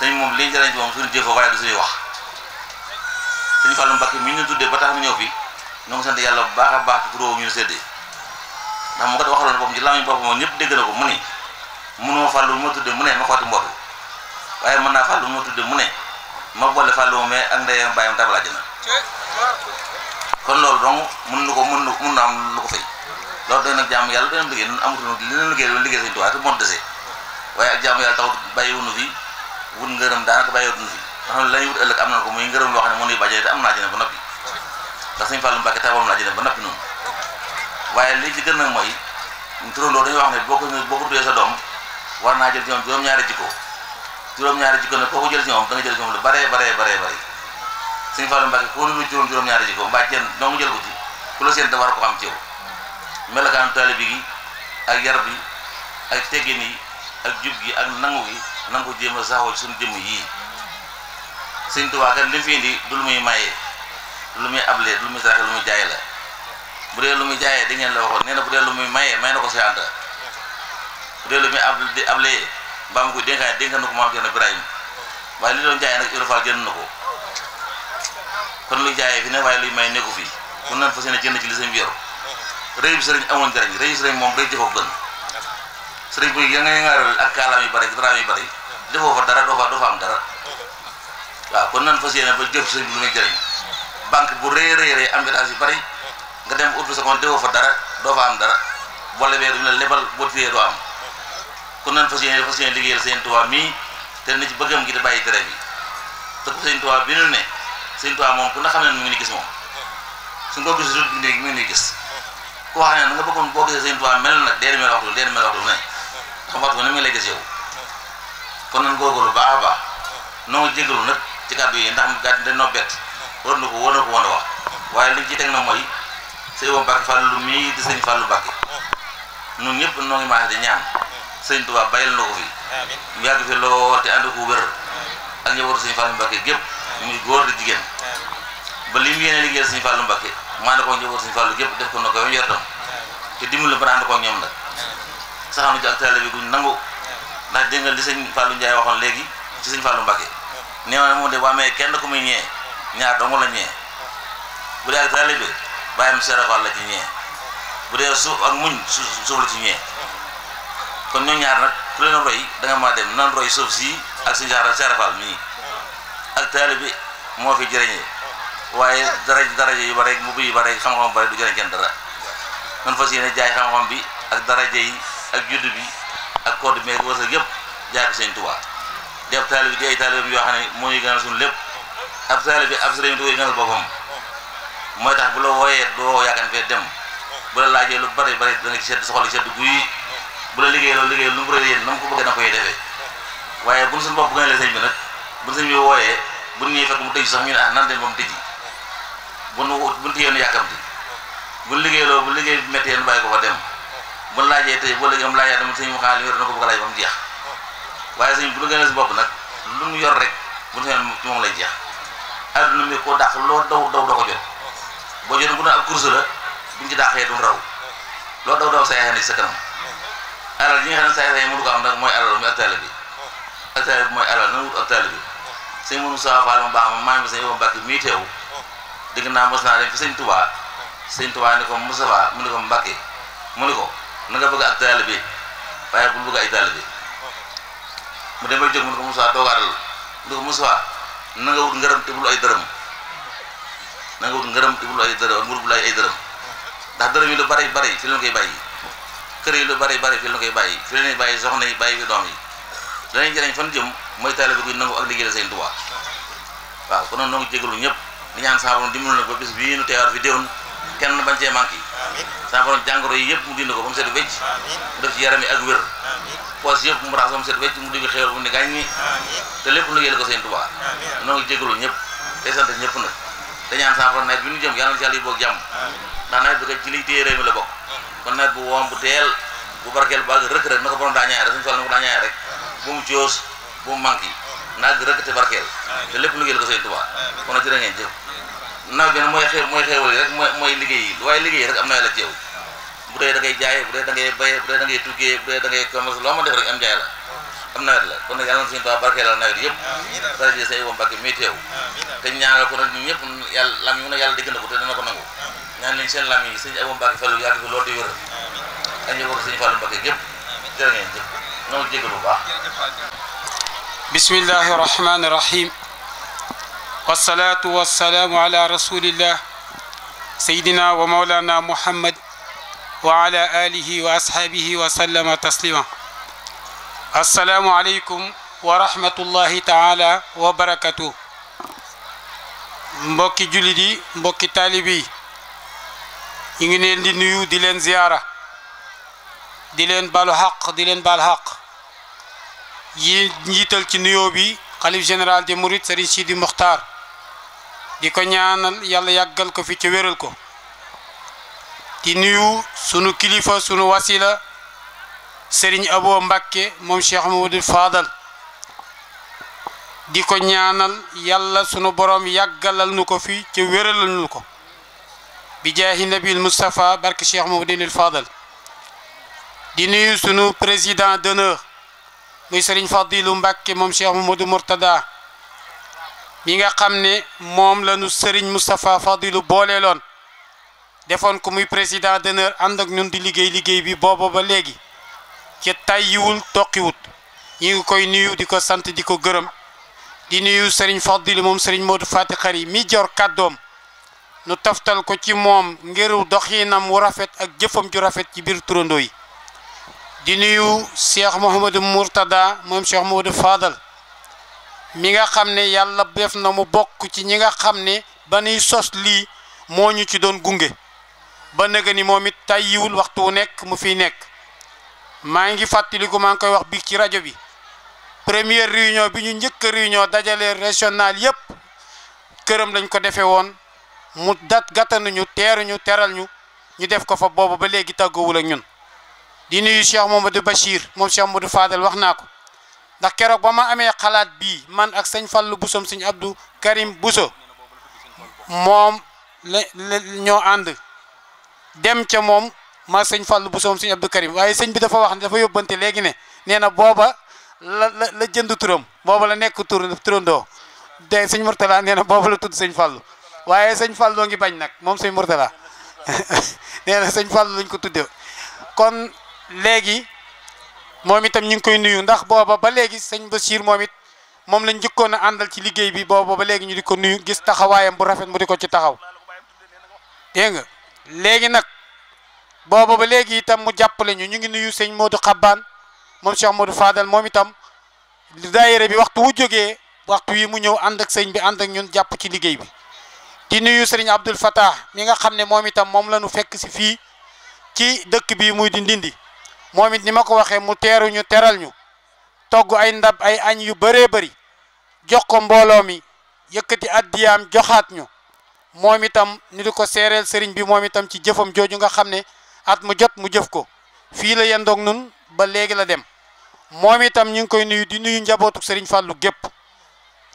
sëñ moom li njëriñ ci moom suñu jëfoo waaye du suñuy wax sëñ Fallou Mbacké mi ñu tuddee ba tax mu ñëw fi ñoo ngi sant yàlla bu baax a baax ci turóo ñu ñu ndax mu ko da waxaloon boppam ci lamiñ boppam moom ñëpp dégg na ko mu ne mënuma fàllu mu ma tuddee mu ne ma xooti mbootu waaye mën naa fàllu mu ma tuddee mu ne ma boole fàllu ma mais ak ndeyam bàyyam tabalaaj na kon loolu donc mën na ko mën na am lu ko loolu doon nag jaamu yàlla beneen liggéey noonu amatuñu li leen liggéey loolu liggéey Sëñ Tuubaa te moo dese waaye ak jaamu yàlla taxut ngërëm daanaka bàyyiwuñu fi nga xam ne lañuy wut ëllëg na ko muy ngërëm loo ne mënuy bàjjee te am naa jëne ba noppi ndax Sëñ Fallu Mbàkke taxawam naa ba noppi noonu waaye li ci gën nag mooy turandoo dañuy wax ne boo ko boo sa doom war naa jël ci moom juróom-ñaari jikko juróom-ñaari jikko ne koo jël ci moom da jël ci baree baree baree baree Sëñ Fallu Mbàkke koo lu juróom juróom-ñaari jikko mbaa doo nga jël ku la seen da war ko am ci melokaan taalibi gi ak yar yi ak teggin yi ak jub gi ak nangu gi nangu jéem a saxoo suñu jëmm yii sëñ Tuubaa kat li fi indi lu muy maye lu muy ablee lu muy saraxe lu muy jaay la bu lu muy jaayee da ngeen la waxoon nee na bu dee muy maye may na ko Seex Anta bu dee lu muy ab di ablee mbaa mu koy dénkaane dénka na ko maam Cerno Ibrahima waaye li doon jaayee nag na ko kon luy jaayee fi ne waaye luy may nekku fi kun nan fa seen a jënd ci li seen bi yor réew sëriñ amoon jariñ réew sëriñ moom day jëfoo gën sëriñ bi ya nga ngaaral ak kaalaam yu bari daraam yu bari defoo fa dara doo fa doo am dara waaw kon nan fas yéene ba jëf sëriñ bi lu nga jëriñ banque bu rëy rëy rëy am yu bari nga dem ut sa compte fa dara doo fa am dara boo lebee duñ la lebal boo am kon nan fas yéene fas yéene liggéeyal seen tubaab mii te na ci bëggam gi di bàyyi tere bi te ko seen bi nu ne seen tubaab moom ku nga xam ne mu ngi gis moom su ko gis du mu ngi gis koo xam ne na nga bëggoon boo gisee sëñ Tuubaa mel nag dee mel waxtu dee mel waxtu ne xam ne mi ngi lay gis yow kon nan góorgóorlu baax a baax ngi jégalu nag ci kàddu yi ndax gàtt dañ noo bett war na ko war na a wax waaye liñ ci teg na mooy sëñ Ba Mbàkke Fàllu mii di sëñ Fàllu Mbàkke ñun ñëpp noo ñaan sëñ Tuubaa bàyyil na ko fi mu yàgg fi lool te ànd ko wér ak njabootu sëñ Fàllu Mbàkke gépp muy góor di jigéen ba li mu yéene liggéeyal sëñ Fàllu Mbàkke maanaam koo njëkkoon suñu fàllu yëpp def ko ndox yooyu yortam te dimbali ba ànd ko ñoom nag saxam na ak taalibe bi guñ nangu ndax dégg nga li sëñ Fallou waxoon léegi ci sëñ Fallou Mbacke nee moom de bu amee kenn ku muy ñee ñaar dong la ñee bu dee ak taalibe bi bàyyi mu seerakal la ci ñee bu dee suuf ak muñ suuf la ci ñee kon ñoom ñaar nag ku leen roy da ma dem nan roy suuf sii ak sëñ Seerakal mii ak taalibe bi moo fi jërëñee. waaye daraj daraja yu bare mu yu bare xam-xam bare du jëriñ kenn dara man fas yéene jaay xam-xam bi ak daraja yi ak judd bi ak code bi ak wërsëg yëpp jaay ko sëñ Tuubaa di ab taalib di ay taalib yoo xam ne moo ñuy gënal lépp ab taalib bi ab sëriñ Tuubaa gënal boppam tax bu la wooyee doo yàggan fee dem bu la laajee lu bare bare dana ci sedd soxla sedd guy bu la liggéey loolu liggéey lu mu rëy yéen na mu ko bëgg na koy defee waaye bu ñu suñu bopp bi nag bu sëñ bi bu ñu fekk mu tëj sax ñu ne ah nan leen moom tëj bu nu bu nu téyoon yàkkamti bu nu liggéey loolu bu liggéey bi méttee nu bàyyi ko fa dem bu nu laajee tey boo léegi am laajaa dama sëñ waxaa li mu yor na ko nag lu mu yor rek bu nu ci moom lay jeex adduna mi ko dàq loo daw daw doo ko jot boo jot bu ne ab course la buñ ci dàqee du raw loo daw daw saay xane sa kanam alal yi nga xam ne saay xane mënu ko am nag mooy alal mi ak taalibe bi ak taalibe bi mooy alal na wut ak taalibe bi sëñ mënu sawafaal mu ma maa ngi dégg naa mos naa dem fi sëñ Touba ni ko Moustapha mu ni ko Mbacke mu ko na nga bëgg ak taalibe waaye bul bëgg ay taalibe mu dem ba jóg mu ni ko Moustapha toogaatal mu ko Moustapha na nga wut ngërëm te ay dërëm na nga wut ngërëm te bul ay dërëm bul ay dërëm ndax dërëm yi lu bari bari fi leen koy bàyyi kër lu bari bari fi leen koy bàyyi fi leen bàyyi soxna yi bàyyi fi doom yi danañ jëriñ fan jëm mooy taalibe gi nangu ak liggéeyal sëñ Touba waaw konoon noo ñëpp di ñaan saa borom dimbali na ko bis bii nu teewaat fi déwén kenn bañ cee manqué yi saa jàngoro yi yëpp mu dindi ko ba mu set wecc mu def ci yaram yi ak wér poos yëpp mu raxas ba mu set wecc mu digg xéwal bu mu ni te lépp liggéeyal ko seen Tuubaa noo ngi jégalu ñëpp te sant ñëpp nag te ñaan saa borom bi ñu jëm yàlla na ci yàlla yi boog jàmm ndax nawet bi kat ci la bokk kon bu woom bu teel bu barkeel bu àgg na ko borom daa ñaay rek suñu na ko daa ñaay rek bu mu joos bu mu yi naaj bi rek te barkeel te lépp liggéeyal ko Sëñ Tuubaa kon mooy xew mooy xeewal yi am na la ci bu dee da ngay jaayee da ngay bayee bu dee da ngay tuggee bu dee da ngay commerce loo ma def rek nawet la kon yàlla na Sëñ Tuubaa nawet yëpp daraje say woo Mbàkke mi teew te ñaanal ko nag ñun ñëpp yàlla lam yàlla dégg na ko te seen lam yi sëñ Abo Mbàkke Fallu yàgg fi loolu di wér ak ñëw ko sëñ Fallu Mbàkke yëpp jërë ngeen jëf ñoo jégg bu baax بسم الله الرحمن الرحيم والصلاة والسلام على رسول الله سيدنا ومولانا محمد وعلى آله وأصحابه وسلم تسليما السلام عليكم ورحمة الله تعالى وبركاته مبكي جلدي مبكي mbokki taalibe yi دلن زيارة دلن di دلن di yi njiital ci nuyoo bi xalif général des Mourides Serigne Sidi Mokhtar di ko ñaanal yàlla yàggal ko fi ci wéral ko di nuyu sunu kilifa sunu wasila Serigne Abo Mbakke moom Cheikh Mamadou Fadal di ko ñaanal yàlla sunu borom yàggalal nu ko fi ci wéralal nu ko bi jaahi nabil Moustapha barke Cheikh Mamadou Fadal di nuyu sunu président d'honneur muy sëriñ Fadilu Mbàkke moom si Cheikh Mamadou Mourtada mi nga xam ne moom la ñu sëriñ Moustapha Fadilu booleeloon defoon ko muy président d'honneur ànd ak ñun di liggéey liggéey bi booba ba léegi ci tàyyiwul toqiwut ñu ngi koy nuyu di ko sant di ko gërëm di nuyu sëriñ Fadilu moom sëriñ Modou Fati yi mi jor kàddoom nu taftal ko ci moom ngir doxinam wu rafet ak jëfam ju rafet ci biir turandoo yi di nuyu cheikh mohammed murtada mom cheikh mohammed fadal mi nga xamne yalla yàlla def na mu bok ci ñi nga xamne bani sos li moñu ci doon gunge ba nëga ni waktu it waxtu nek mu fi nek ma ngi ko ma ngi koy wax bi ci radio bi première réunion bi ñu ñëk réunion dajalé régional yépp kërëm lañ ko défé won mu dat gàttanuñu teeruñu téru ñu ñu def ko fa bobu ba ak ñun di nuyu Cheikh Mamadou Bachir mom Cheikh Mamadou Fadel wax ko ndax keroog ba ma xalaat bi man ak seigne Fallou Bousso seigne Abdou Karim Bousso mom ño and dem ci mom ma seigne Fallou Bousso seigne Abdou Karim waye seigne bi dafa wax dafa yobante legui ne neena boba la la la jënd turam boba la nek tur turandoo de seigne Mourtala neena boba la tud seigne Fallou waye seigne Fallou ngi bañ nak mom seigne Mourtala neena seigne sëñ Fallou ko tudde kon léegi moom itam ñu ngi koy nuyu ndax booba ba léegi sëñ Bachir moom it moom lañ njëkkoon a àndal ci liggéey bi booba ba léegi ñu di ko nuyu gis taxawaayam bu rafet mu di ko ci taxaw dégg nga léegi nag booba ba léegi itam mu jàppale ñu ñu ngi nuyu sëñ Modou Xabbaan moom Cheikh Modou Fadal moom itam daayira bi waxtu wu jógee waxtu wi mu ñëw ànd ak sëñ bi ànd ak ñu jàpp ci liggéey bi di nuyu sëriñ Abdul Fatah mi nga xam ne moom itam moom la ñu fekk si fii ci dëkk bii muy di moom it ni ma ko waxee mu teeru ñu teral ñu togg ay ndab ay añ yu bëree bari jox ko mbooloo mi yëkkati addiyaam joxaat ñu moom itam ni ko seereel sëriñ bi moom itam ci jëfam jooju nga xam ne at mu jot mu jëf ko fii la yendoog nun ba léegi la dem moom itam ñu ngi koy nuyu di nuyu njabootu sëriñ Fàllu gépp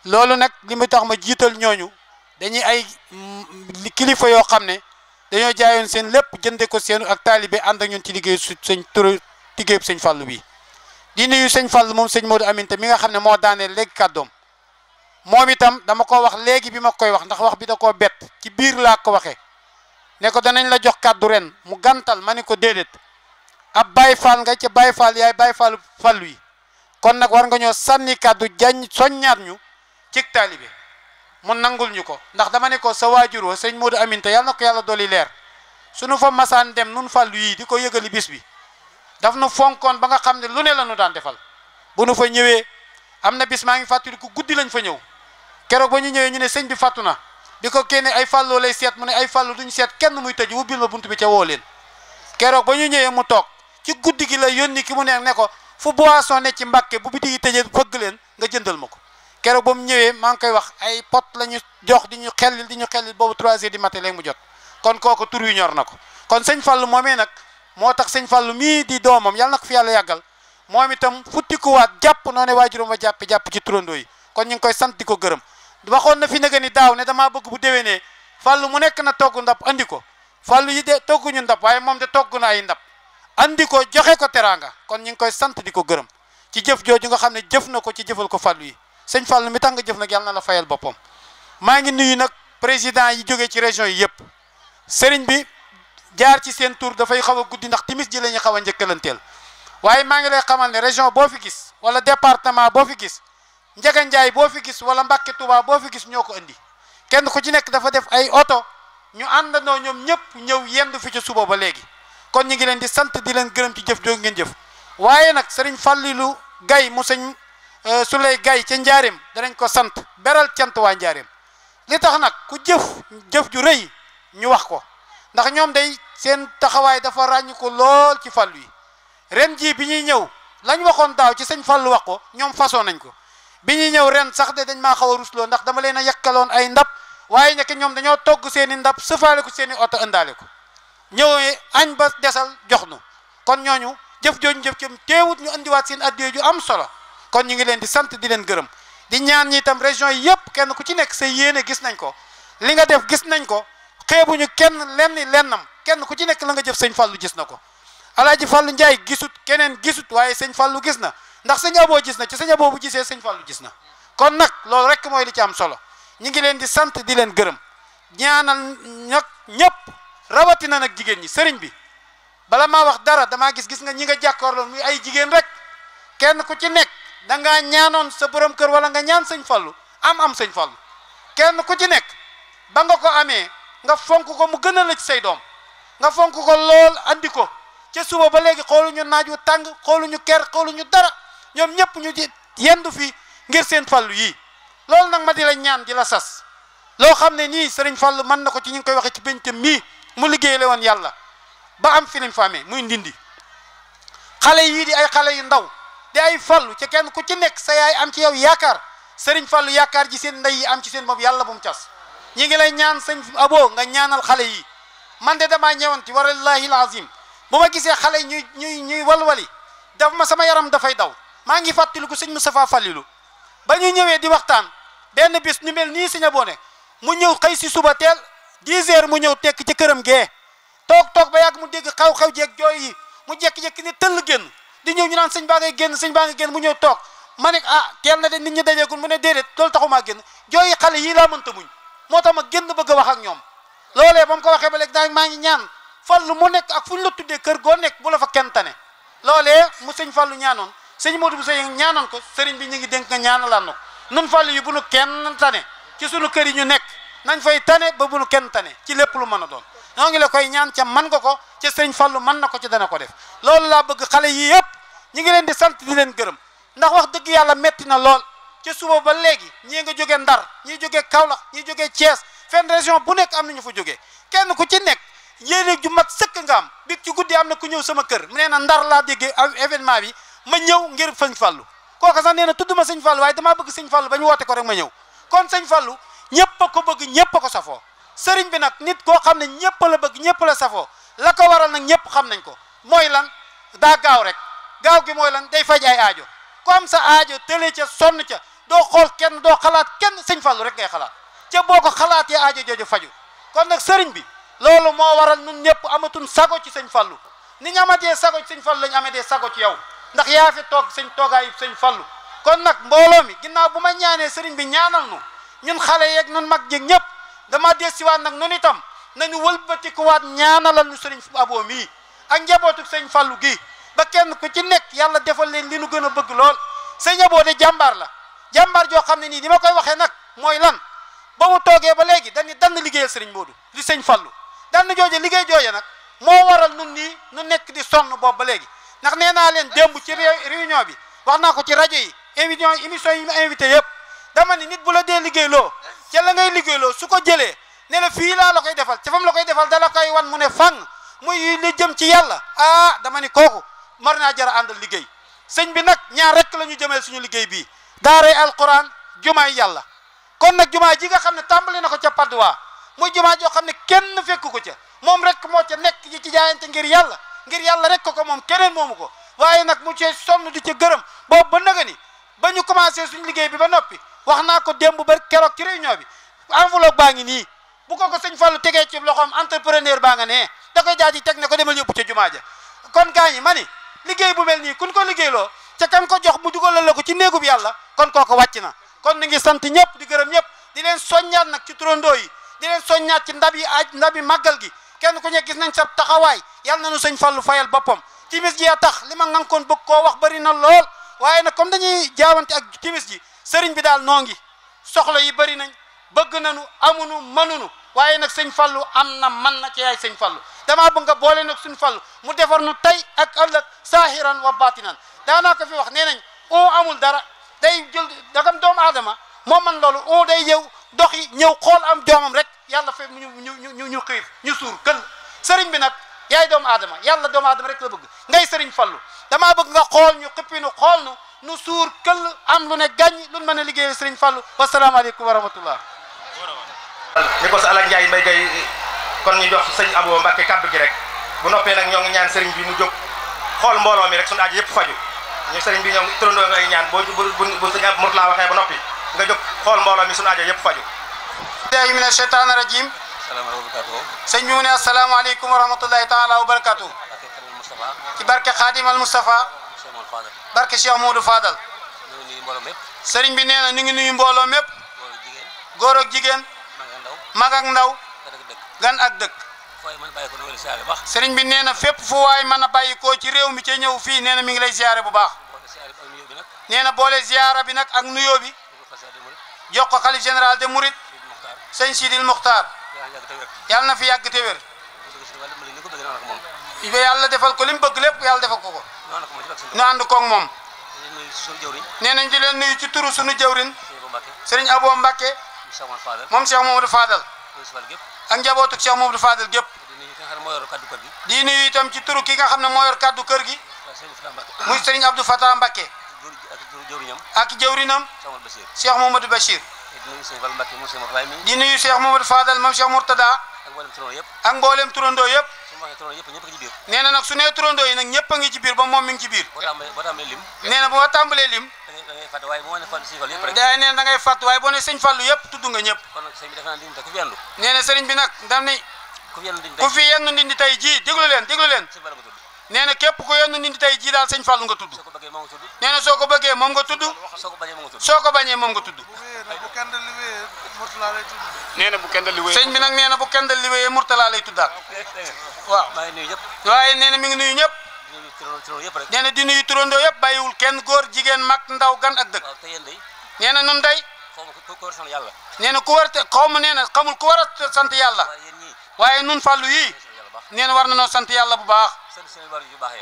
loolu nag li mu tax ma jiital ñooñu dañu ay mm, kilifa yoo xam ne dañoo jaayoon seen lépp jënde ko seenu ak taalibe ànd ak ñun ci liggéey su sëñ tur liggéeyub sëñ fàllu bi di nuyu sëñ fàllu moom sëñ Modou Aminta mi nga xam ne moo daanee léegi kàddoom moom itam dama ko wax léegi bi ma koy wax ndax wax bi da koo bett ci biir laa ko waxee ne ko danañ la jox kàddu ren mu gàntal ma ne ko déedéet ab Baay Faal nga ca Baay Faal yaay Baay Faalu fàllu yi kon nag war nga ñoo sànni kàddu jañ soññaat ñu cig taalibe mu nangul ñu ko ndax dama ne ko sa waajur wa sëñ Modou Aminta yàlla na ko yàlla dolli leer suñu fa masaan dem nun fàllu yi di ko yëgali bis bi daf nu fonkoon ba nga xam ne lu ne la nu daan defal bu nu fa ñëwee am na bis maa ngi fàttaliku guddi lañ fa ñëw keroog ba ñu ñëwee ñu ne sëñ bi fàttu na bi ko kenn ay fàlloo lay seet mu ne ay fàllu duñu seet kenn muy tëj wu wubbil ma bunt bi ca woo leen keroog ba ñu ñëwee mu toog ci guddi gi la yónni ki mu neex ne ko fu boisson ne ci mbàkke bu biti yi tëjee bëgg leen nga jëndal ma ko kéro ba mu ñëwee ngi koy wax ay pot lañu jox di ñu di ñu xellil boobu trois heures du mu jot kon koku tur wi ñor nako kon señ fallu momé nak motax señ fallu mi di domam, yalla nak fi fi yagal momi tam futti ku jàpp japp noné waajuram wa japp japp ci turondo yi kon ñing koy sant diko ko gërëm waxoon na fi nege ni daw ne dama bëgg bu déwénee fallu mu nekk na togg ndap andiko fallu yi dé de ñu ndap waye mom dé togg na ay ndap andiko ko ko teranga kon ñing koy sant diko ko ci jëf joju nga xamné jëf nako ci jëfal ko fallu yi sëñ Fall mi tax nga jëf nag yàlla na la fayal boppam maa ngi nuyu nag président yi jógee ci région yi yëpp sëriñ bi jaar ci seen tour dafay xaw a guddi ndax timis ji la ñuy xaw a njëkkalanteel waaye maa ngi lay xamal ne région boo fi gis wala département boo fi gis Ndiaga Ndiaye boo fi gis wala Mbacke Touba boo fi gis ñoo ko indi kenn ku ci nekk dafa def ay oto ñu àndandoo ñoom ñëpp ñëw yendu fi ci suba ba léegi kon ñu ngi leen di sant di leen gërëm ci jëf joo ngeen jëf Eh, su lay gay ca njaarim danañ ko sant beral cant waa njaarim li tax nag ku jëf jëf ju rëy ñu wax ko ndax ñoom day seen taxawaay dafa ràññ ko lool ci fàll yi ren jii bi ñuy ñëw lañ waxoon daaw ci sëñ fàllu wax ko ñoom façon nañ ko bi ñuy ñëw ren sax de dañ maa xaw a rusloo ndax dama leen a yakkaloon ay ndab waaye nekk ñoom dañoo togg seen i ndab sëfaale ko seen i oto indaale ko ñëwee añ ba desal jox nu kon ñooñu jëf jooju jëf ci teewut ñu indiwaat seen addiyo ju am solo kon ñu ngi leen di sant di leen gërëm di ñaan ñi itam région yi yëpp kenn ku ci nekk sa yéene gis nañ ko li nga def gis nañ ko ñu kenn lenn am kenn ku ci nekk la nga jëf sëñ Fallou gis na ko alaaji Fallou Ndiaye gisut keneen gisut waaye sëñ Fallou gis na ndax sëñ Aboo gis na ci sëñ Aboo bu gisee sañ Fallou gis na kon nag loolu rek mooy li ci am solo ñu ngi leen di sant di leen gërëm ñaanal nag ñëpp rawatina nag jigéen ñi sëriñ bi bala maa wax dara damaa gis gis nga ñi nga jàkkaarloo muy ay jigéen rek kenn ku ci nekk. da ngaa ñaanoon sa borom kër wala nga ñaan sëñ fallu am am sëñ fallu kenn ku ci nekk ba nga ko amee nga fonk ko mu gënal ci say doom nga fonk ko lool andi ko suba ba léegi xooluñu naaj wu tàng xooluñu ker xooluñu dara ñoom ñëpp ñu ji yendu fi ngir seen fallu yi loolu nag ma di la ñaan di la sas loo xam ne nii sëriñ fallu man na ko ci ñu koy waxee ci mii mu liggéeyale woon ba am fi fa muy ndindi xale yii di ay xale yu ndaw di ay fallu ci kenn ku ci nek sa yaay am ci yow yakar serigne fallu yakar ji seen ndey am ci seen mom yalla bu mu cas ñi ngi lay ñaan abo nga ñaanal xalé yi man de dama ñewon ci warallahi alazim bu ma gisee xalé ñuy ñuy ñuy walwali daf ma sama yaram fay daw ma ngi ko serigne mustafa Fallilu ba ñu ñewé di waxtaan benn bis ñu mel nii sëñ Abone mu ñew xey ci suba teel 10 h mu ñew tek ci kërëm ge tok tok ba yak mu deg xaw-xaw jek joy yi mu jek jek ni teul di ñëw ñu naan sëñ baa ngay génn sëñ baa ngay génn mu ñëw toog ma ne ah teel na de nit ñi dajeegul mu ne déedéet loolu taxumaa génn jooyi xale yii laa mënta muñ moo tax ma génn bëgg a wax ak ñoom loolee ba mu ko waxee ba léegi daa maa ngi ñaan lu mu nekk ak fu ñu la tuddee kër goo nekk bu la fa kenn tane loole mu sëñ lu ñaanoon sëñ Modou Bousso ñaanoon ko sëriñ bi ñu ngi dénk nga ñaanalaan ko nun fallu yi bu nu kenn tane ci sunu kër yi ñu nekk nañ fay tane ba bu kenn tane ci lépp lu mën a doon ñoo ngi la koy ñaan ca man ko ca sëñ Fallu man na ko ci dana ko def loolu laa bëgg xale yi yëpp ñi ngi leen di sant di leen gërëm ndax wax dëgg yàlla metti na lool ca suba ba léegi ñii nga jóge Ndar ñii jóge Kaolack ñii jóge Thiès fenn région bu nekk am na ñu fa jógee kenn ku ci nekk yéene ju mat sëkk nga am bi ci guddi am na ku ñëw sama kër mu nee na Ndar laa déggee événement bi ma ñëw ngir sëñ Fallu kooka sax nee na tudd ma sëñ Fallu waaye damaa bëgg sëñ ba ñu woote ko rek ma ñëw kon sëñ Fallu ñëpp a ko bëgg ñëpp a ko safoo sëriñ bi nag nit koo xam ne ñëpp la bëgg ñëpp la safoo la ko waral nag ñëpp xam nañ ko mooy lan daa gaaw rek gaaw gi mooy lan day faj ay aajo am sa aajo tële ca sonn ca doo xool kenn doo xalaat kenn sëñ Fallu rek ngay xalaat ca boo ko xalaatee aajo jooju faju kon nag sëriñ bi loolu moo waral ñun ñëpp amatuñ sago ci sëñ Fallu ni ñu amatee sago ci sëñ Fallu lañu amatee sago ci yow ndax yaa fi toog sëñ toogaayu sëñ Fallu kon nag mbooloo mi ginnaaw bu ma ñaanee sëriñ bi ñaanal nu ñun xale yeeg ñun mag jéeg ñëpp dama dee siwaat nag nun itam nañu wëlbatikuwaat ñaanalal ñu sëriñ aboo mii ak njabootu sëñ fàllu gi ba kenn ku ci nekk yàlla defal leen li nu gën a bëgg lool sëñ aboo de jàmbaar la jàmbaar joo xam ne nii ni ma koy waxee nag mooy lan ba mu toogee ba léegi dañu dann liggéeyal sëriñ Moodu di sëñ fàllu dann jooje liggéey jooje nag moo waral nun nii nu nekk di sonn boobu ba léegi ndax nee naa leen démb ci réunion bi wax naa ko ci rajo yi émission émission yi mu invité yëpp dama ni nit bu la dee lo suko la ngay liggéeyloo lo suko jëlee né la fi la la koy mune ci fam la koy défal da la koy wan mu né fang muy li jëm ci yalla ah dama ni koku marna jara àndal liggéey señ bi nak ñaar rek lañu jëmel jëmee suñu liggéey bii daaray alquran jumaay yalla kon nak juma ji nga xamné ne nako ci padwa ca Padoa muy jumaa joo xam kenn fekku ko ca moom rek mo ci nek ci ci jaayante ngir yalla ngir yalla rek ko mom keneen momuko ko nak mu ci sonu di ci gëreem bo ba naga ni commencé suñu liggéey bi ba noppi waxna ko dembu ba kero ci réunion bi enveloppe baa ngi bu ko ko sëñ fallu tege ci loxom entrepreneur ba nga ne da koy jaaji tek ne ko demal ci kon gañi mani liggey bu mel ni, kun ko lo ci kan ko jox mu dugol la ko ci neegub yalla kon koko wacc na kon ni ngi sant ñep di gëreem ñep di len soññaat nak ci trondo yi di len soññaat ci ndab yi ndab yi magal gi kenn ku ñe gis nañ sa taxaway yalla nañu nu fallu fayal bopam timis ji ya tax lima ngankon ngankoon ko wax bari na lool waye nak comme dañuy jaawante ak timis ji sëriñ bi daal noo ngi soxla yi bari nañ bëgg nañu amunu manunu waaye nag sëñ fallu am na man na ci yaay sëñ fallu damaa bëgg nga boole nag suñ fallu mu defar nu tey ak ëllëg saahiran wa baatinan daanaa ko fi wax nee nañ on amul dara day jël dagam doomu aadama moom man loolu on day yow dox yi ñëw xool am joomam rek yàlla fa ñu ñu ñu ñu xiif ñu suur gën sëriñ bi nag yaay doomu aadama yàlla doomu aadama rek la bëgg ngay sëriñ fallu damaa bëgg nga xool ñu xippi nu xool nu nu suur këll am lu ne gàññ lu mën a liggéeyal sëriñ fallu wasalaamaaleykum wa rahmatullah ni ko sa alak njaay may gay kon ñu jox sëñ Abou Mbacke kaddu gi rek bu noppee nag ñoo ngi ñaan sëriñ bi mu jóg xool mbooloo mi rek suñu aaju yëpp faju ñu sëriñ bi ñoo ngi turandoo ngay ñaan boo bu sëñ Abou Mourtala waxee ba noppi nga jóg xool mbooloo mi suñu yëpp faju billahi sëñ bi mu ne asalaamaaleykum wa rahmatullahi taala wa barakaatu. ci barke Xaadim al Mustafa. barke Cheikh Modou Fadal. sëriñ bi nee na ñu ngi nuyu mbooloo mépp. góor ak jigéen. mag ak ndaw. gan ak dëkk. sëriñ bi nee na fépp fu waay mën a bàyyi ko ci réew mi ca ñëw fii nee na mi ngi lay ziyaare bu baax. nee na boole ziyaara bi nag ak nuyoo bi. jox ko xalif général de Mouride. sëñ Sidil Muxtaar. yàlla na fi yàgg te wér ba yàlla defal ko li mu bëgg lépp yàlla defal ko ko ñu ànd koog moom nee nañ di leen nuyu ci turu suñu jawrin sëriñ Abo Mbacke moom Cheikh Mamadou Fadal ak njabootu Cheikh Mamadou Fadal gépp di nuyu itam ci turu ki nga xam ne moo yor kàddu kër gi muy sëriñ Abdou Fatah Mbacke ak jawrinam Cheikh Mamadou Bachir di nuyu Cheikh moom di nuyu Cheikh Mamadou Fadal moom Cheikh Mourtada ak mboolem turandoo yëpp ak mboolem turandoo yëpp yi nag ba moom mi ngi ci biir boo lim nee na boo tàmbalee waaye boo ne Fallu yëpp rek nee na da ngay fàtt ni ku fi yendu jii déglu leen nee na képp ku yoonu nit tey jii daal sëñ Fallou nga tudd nee na soo ko bëggee moom nga tudd soo ko bañee moom nga tudd nee na bu kenn dal li wéyee sëñ bi nag nee na bu kenn dal li wéyee Mourtala lay tuddaat waaw waaye nee na mi ngi nuyu ñëpp nee na di nuyu turandoo yëpp bàyyiwul kenn góor jigéen mag ndaw gan ak dëkk nee na nun day nee na ku war te xaw ma nee na xamul ku war a sant yàlla waaye nun fàllu yii nee na war na noo sant yàlla bu baax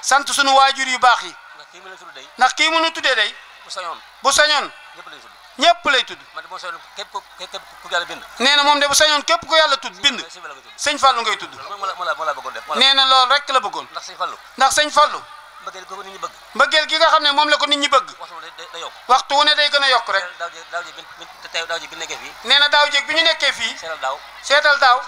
sant suñu wajur yu bax ya. yi ki kii mënu tuddee day bu sañoon bu sañoon ñëpp lay tudd nee na moom de bu sañon kep ku yalla tudd bind señ fallu ngay tudd nee lool rek la bëggoon ndax sëñ Fallou mbëggeel gi nga xam mom la ko nit ñi bëgg waxtu wu ne day gën a yokk rek nee na daaw jéeg bi ñu nekkee fii sétal daaw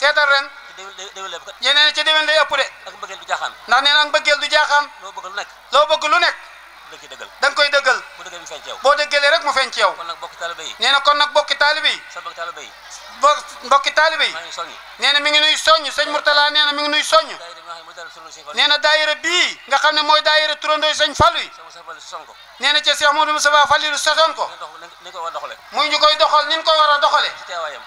sétal ren déwén lay nee na ca déwén lay ëpp de ndax nee na ak du jaaxaan loo bëgg lu loo bëgg lu nekk koy dëggal boo dëggalee rek mu feeñ ci yow kon nag bokki taalibe yi nee kon nag bokki taalibe yi mbokki taalibe yi mi ngi nuy soññ sëñ Mourtala nee mi nuy soññ nee na daayira bii nga xam ne mooy daayira turandoo sëñ Fallu yi nee na ca Cheikh Modou Moustapha ko muy ñu koy doxal ni koy war a doxale teewaayam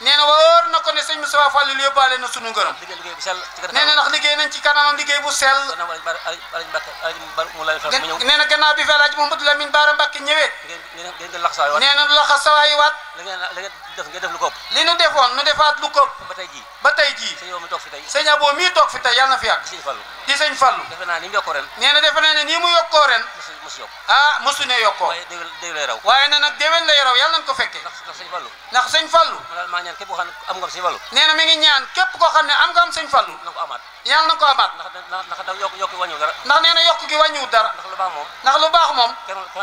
nee na wóor na ko ne sëñ Moustapha Fallilu yóbbaale na sunu ngërëm nee liggéey nañ ci kanamam liggéey bu sell nee na bi fi Alaaji Mamadou Lamine Baara Mbàkke ñëwee nee na laxa sawaayi waat li nu defoon nu defaat lu ko ba jii aboo mi toog fi tey na fi di sëñ fallu defe naa mu yokkoo ren nee nii mu yokkoo ren mosu yokk ah mosu ne yokkoo mi ngi ñaan képp koo xam ne am nga am sëñ fallu na na ko amaat ndax lu baax moom ndax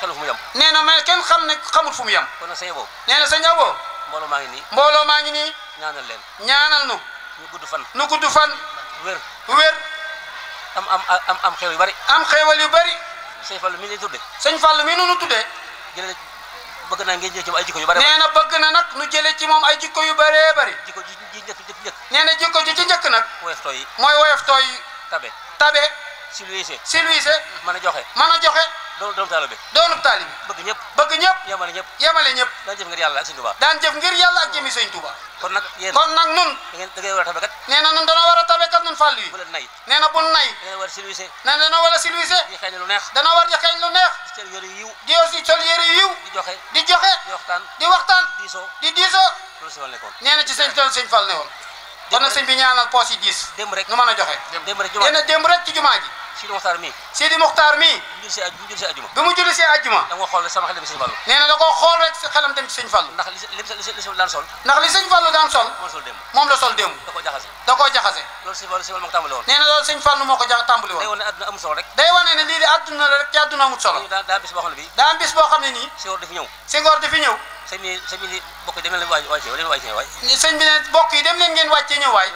lu baax xam ne xamul fu mu yem nee na mbooloo maa ngi nii. mbooloo maa ngi nii. ñaanal leen. ñaanal nu. nu gudd fan. nu gudd fan. wér. wér. am am am yu bari. am xeewal yu bari. sëñ Fallou mi ngi lay tuddee. sëñ Fallou mi nu nu tuddee. jëlee bëgg naa ngi jëlee moom ay jikko yu bari. nee na bëgg na nag nu jëlee ci moom ay jikko yu bare bari. jikko ji ji njëkk njëkk. nee na jikko ji ci njëkk nag. woyof tooy yi mooy woyof tooy yi. tabe tabe. silvissé silvissé. mën a joxe mën joxe. doon doon taalibe doonub taalibe bëgg ñëpp bëgg ñëpp yemale ñëpp yemale ñëpp daan jëf ngir yàlla ak sëñ Tuubaa daan jëf ngir yàlla ak jëmi sëñ kon nag yéen kon nag nun da ngeen war a tabekat nee na nun dana war a tabekat nun fàll yi bu leen nay nee na bu nay dana war a silwise na dana war a silwise di xeeñ lu neex dana war di xeeñ lu neex di sol yére yiw di aussi sol yére yiw di joxe di joxe di waxtaan di waxtaan di diisoo di diisoo loolu sëñ Fall nekkoon nee na ci sëñ tool Fall ne woon kon nag bi ñaanal poos yi diis rek nu mën a joxe rek nee rek ci jumaa ji Sidi Mokhtar mi Sidi Mokhtar mi bu julli see bu julli see ajjuma bi mu julli see ajjuma da nga xool rek sama xel dem ci sëñ Fallu nee na da koo xool rek xelam dem ci sëñ Fallu ndax li li daan sol ndax li sëñ Fallu daan sol moom la sol démb da koo jaxase da koo jaxase loolu sëñ Fallu sëñ Fallu moo ko tàmbali woon nee na loolu sëñ Fallu moo ko jax tàmbali woon day wane ne adduna amul solo rek day wane ne lii di adduna rek ci adduna amul solo daa bis boo xam ne bii daa bis boo xam ne nii Senghor dafi ñëw Senghor dafi ñëw sëñ bi sëñ bi bokk yi dem leen wàccee leen wàccee waay sëñ bi ne bokk yi dem leen ngeen wàccee ñëw waay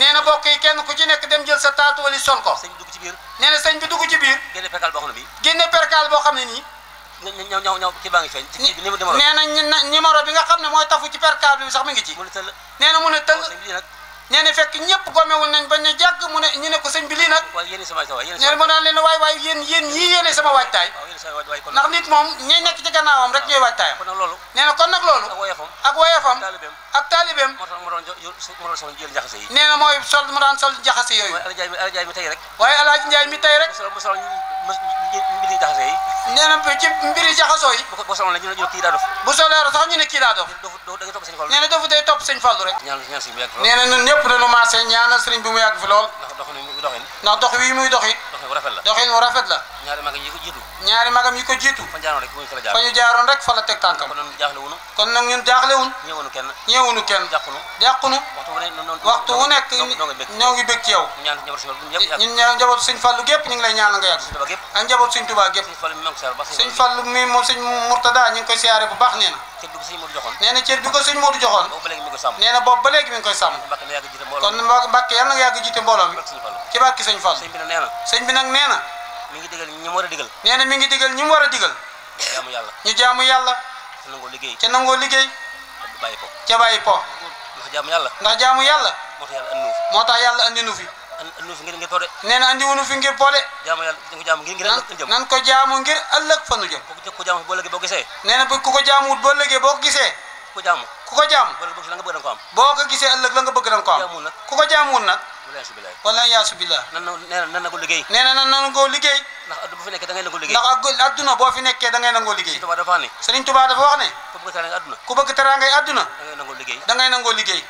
nee na bokk yi kenn ku ci nekk dem jël sa taatu wala sol ko ko sëñ dugg ci biir nee na sëñ bi ci biir génne perkaal boo xam ne bi génne perkaal boo xam ne nii ñaw ñaw ñaw kii baa ngi feeñ ci nee na numéro bi nga xam ne mooy tafu ci perkaal bi sax mi ngi ci nee na mu ne tëng nee na fekk ñëpp gomewul nañ ba ne jàgg mu ne ñu ne ko sëñ bi lii nag nee waay waay yéen yéen ñii sama waajtaay ndax nit moom ñay nekk ci gannaawam rek ñooy waajtaayam nee kon nag loolu ak woyefam ak taalibeem nee mooy sol mu daan sol jaxase yooyu waaye alaaji njaay mi tey rek mbiri jaxasoo bu solo sax ñu kii daa dof nee na dofu day topp rek ñëpp dañu maase ñaanal sëriñ bi mu yàgg fi lool. ndax dox wi muy doxi. ndax dox wi muy doxi. doxin wu rafet la doxin wu rafet la ñaari magam yi ko ñaari magam yi ko fa jaaroon rek fa la jaar fa ñu jaaroon rek fa la teg tànkam kon ñun jaaxle wuñu kon nag ñun jaaxle wuñu ñëwuñu kenn ñëwuñu kenn jàqunu jàqunu waxtu wu nekk ñoo ngi bëgg ci yow ñun ñaan njaboot suñ fallu gépp ñu lay ñaan nga yàgg ak njaboot suñ tubaa gépp suñ fallu mi moom suñ murtada ñu koy siyaare bu baax nee na nee na cër bi ko suñ moodu joxoon nee na boobu ba léegi mi ngi koy sàmm kon mbàkke yàlla nga yàgg jiite mbooloo ci barki sëñ Fall. sëñ bi nag nee na. bi nag nee na. mi ngi digal ñi mu war a digal. nee na mi ngi digal ñi mu war a digal. ñu jaamu yàlla. ñu jaamu yàlla. te nangoo liggéey. ca nangoo liggéey. te bàyyi po. te po. ndax jaamu yàlla. ndax jaamu yàlla. moo tax yàlla andi nu fi. andi nu ngir ngir poode. nee na andiwunu fi ngir poode. jaamu yàlla nañ ko jaamu ngir ngir ëllëg jëm. nan ko jaamu ngir ëllëg fa nu jëm. ku ko jaamu boo lëggee boo gisee. nee na ku ko jaamuwut boo lëggee boo gisee. ku ko jaamu ku ko jaamu. boo ko gisee la nga bëgg da boo ko gisee ëllëg la nga bëgg da nga ko am. ku ko jaamuwul nag. wala subillah nan na ko liggéey nee nana nan nan ko liggéey ndax addu bu fi nekkee da ngay nangoo liggéey ndax adduna boo fi nekkee da ngay nangoo liggéey Tuubaa dafa wax ne Sëriñ dafa wax ne ku bëgg teraanga adduna ku bëgg teraanga adduna da ngay nangoo liggéey da ngay nangoo liggéey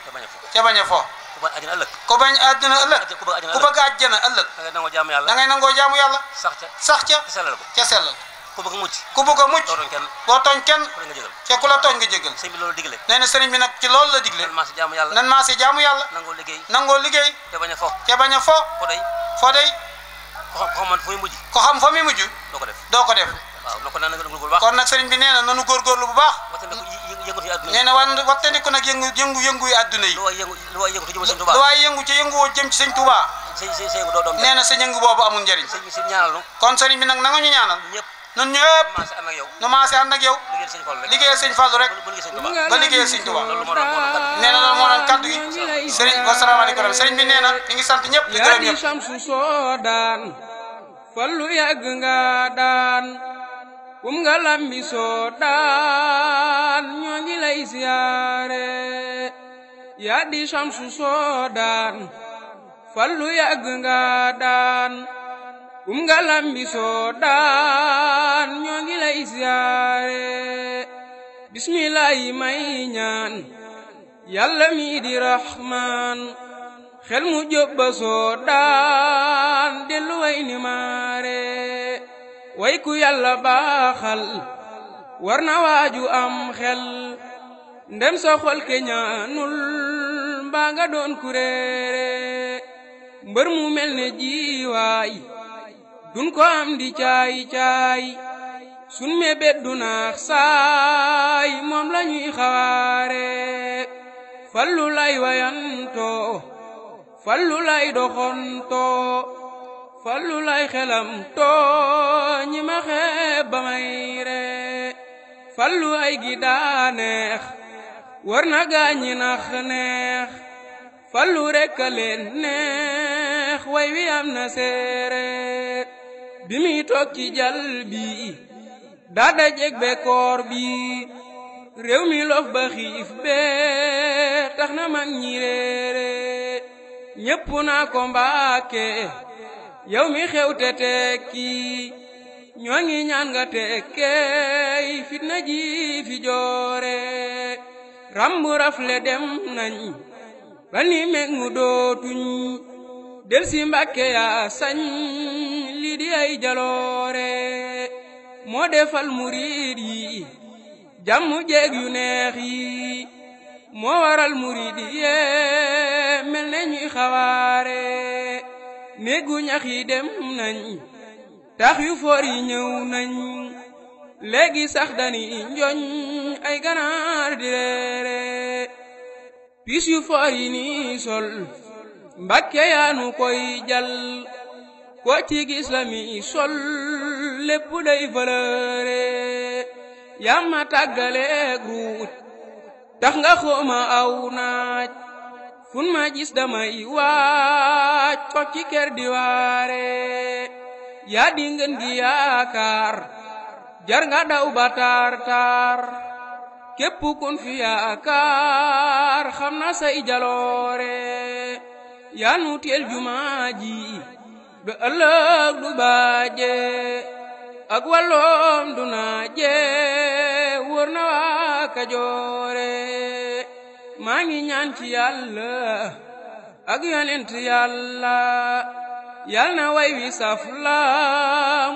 te fo ku bañ àjjana ëllëg ku bañ àjjana ëllëg ku bëgg àjjana ëllëg da ngay nangoo jaamu yàlla da ngay nangoo jaamu sax ca sax ca ca ko ku bëgg mucc ku bëgg a mucc doo tooñ kenn doo tooñ kenn bi nag ci loolu la digle nan maa jaamu yàlla nangoo liggéey nangoo a fo fo foo ko xam man fu muy doo ko def kon nag sëriñ bi nee na nanu góorgóorlu bu baax nee na wan wattandiku nag yëngu yëngu yëngu yi àdduna yi lu waay yëngu ci yëngu woo jëm ci sëñ Tuubaa nee na ñu ñaanal ñun ñëpp nu maase ànd ak yow liggéeyal sëñ Fallu rek ba liggéeyal sëñ Tuubaa nee na loolu moo doon kàddu yi sëriñ wa salaamaaleykum sëriñ bi nee na ñu ngi sant ñëpp di di samsu soo fallu yàgg nga um nga lambi soo daan ñoo ngi lay siyaare bismillahi may ñaan yàlla mi di raxmaan xel mu jobba soo daan ni maare way ku yàlla baaxal war na waaju am xel ndem soo xol ñaanul mbaa nga doon kuréere mbër mu mel ne jiiwaay dun ko am di caay caay sun mébét du naax saay moom la ñuy xawaare fallu lay wayantoo fallu lay doxantoo fallu lay xelam ñi ma xeeb ba may fallu ay gi daaneex war na gaañi nax neex fallu rekk leen neex way wi am na bi mi toog ci jal bi daa dajeeg bi réew mi lof ba xiif bee tax na mag ñi réere ñépp naa ko mbaake yow mi xew te tekki ñoo ngi ñaan nga tekkey fitna ji fi joore rambu rafle dem nañ ba ni meeg dootuñ del si yaa sañ yi di ay jaloore moo defal murid yi jàmm jeeg yu neex yi moo waral murid yi mel ne ñuy xawaare néegu ñax yi dem nañ tax yu foor yi ñëw nañ léegi sax dani njoñ ay ganaar di reere pis yu foor yi nii sol mbakke yaanu koy jal koo ci gis la mi sol lépp day valeure yaa ma tàggaleeg ruuj tax nga xooma aw naaj fun ma gis damay waaj ko ci kër di waare yaa di ngeen gi yaakaar jar nga daw ba taar taar képp kun fi yaakaar xam na say jaloore yaa nu jumaa ji du ëllëg du baaje ak wàlloom du naaje wóor na waa kajoore maa ngi ñaan ci yàlla ak yonent yàlla yal na way wi saf la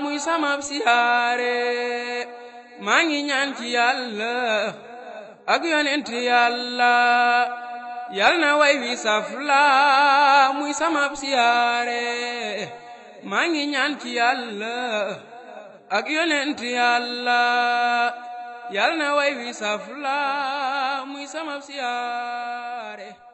muy samab siyaare maa ngi ñaan ci yàlla ak yonent yàlla yal na way wi saf laa muy samab siyaare maa ngi ñaan ci yàlla ak yonent yàlla yal na way wi saf laa muy samab siyaare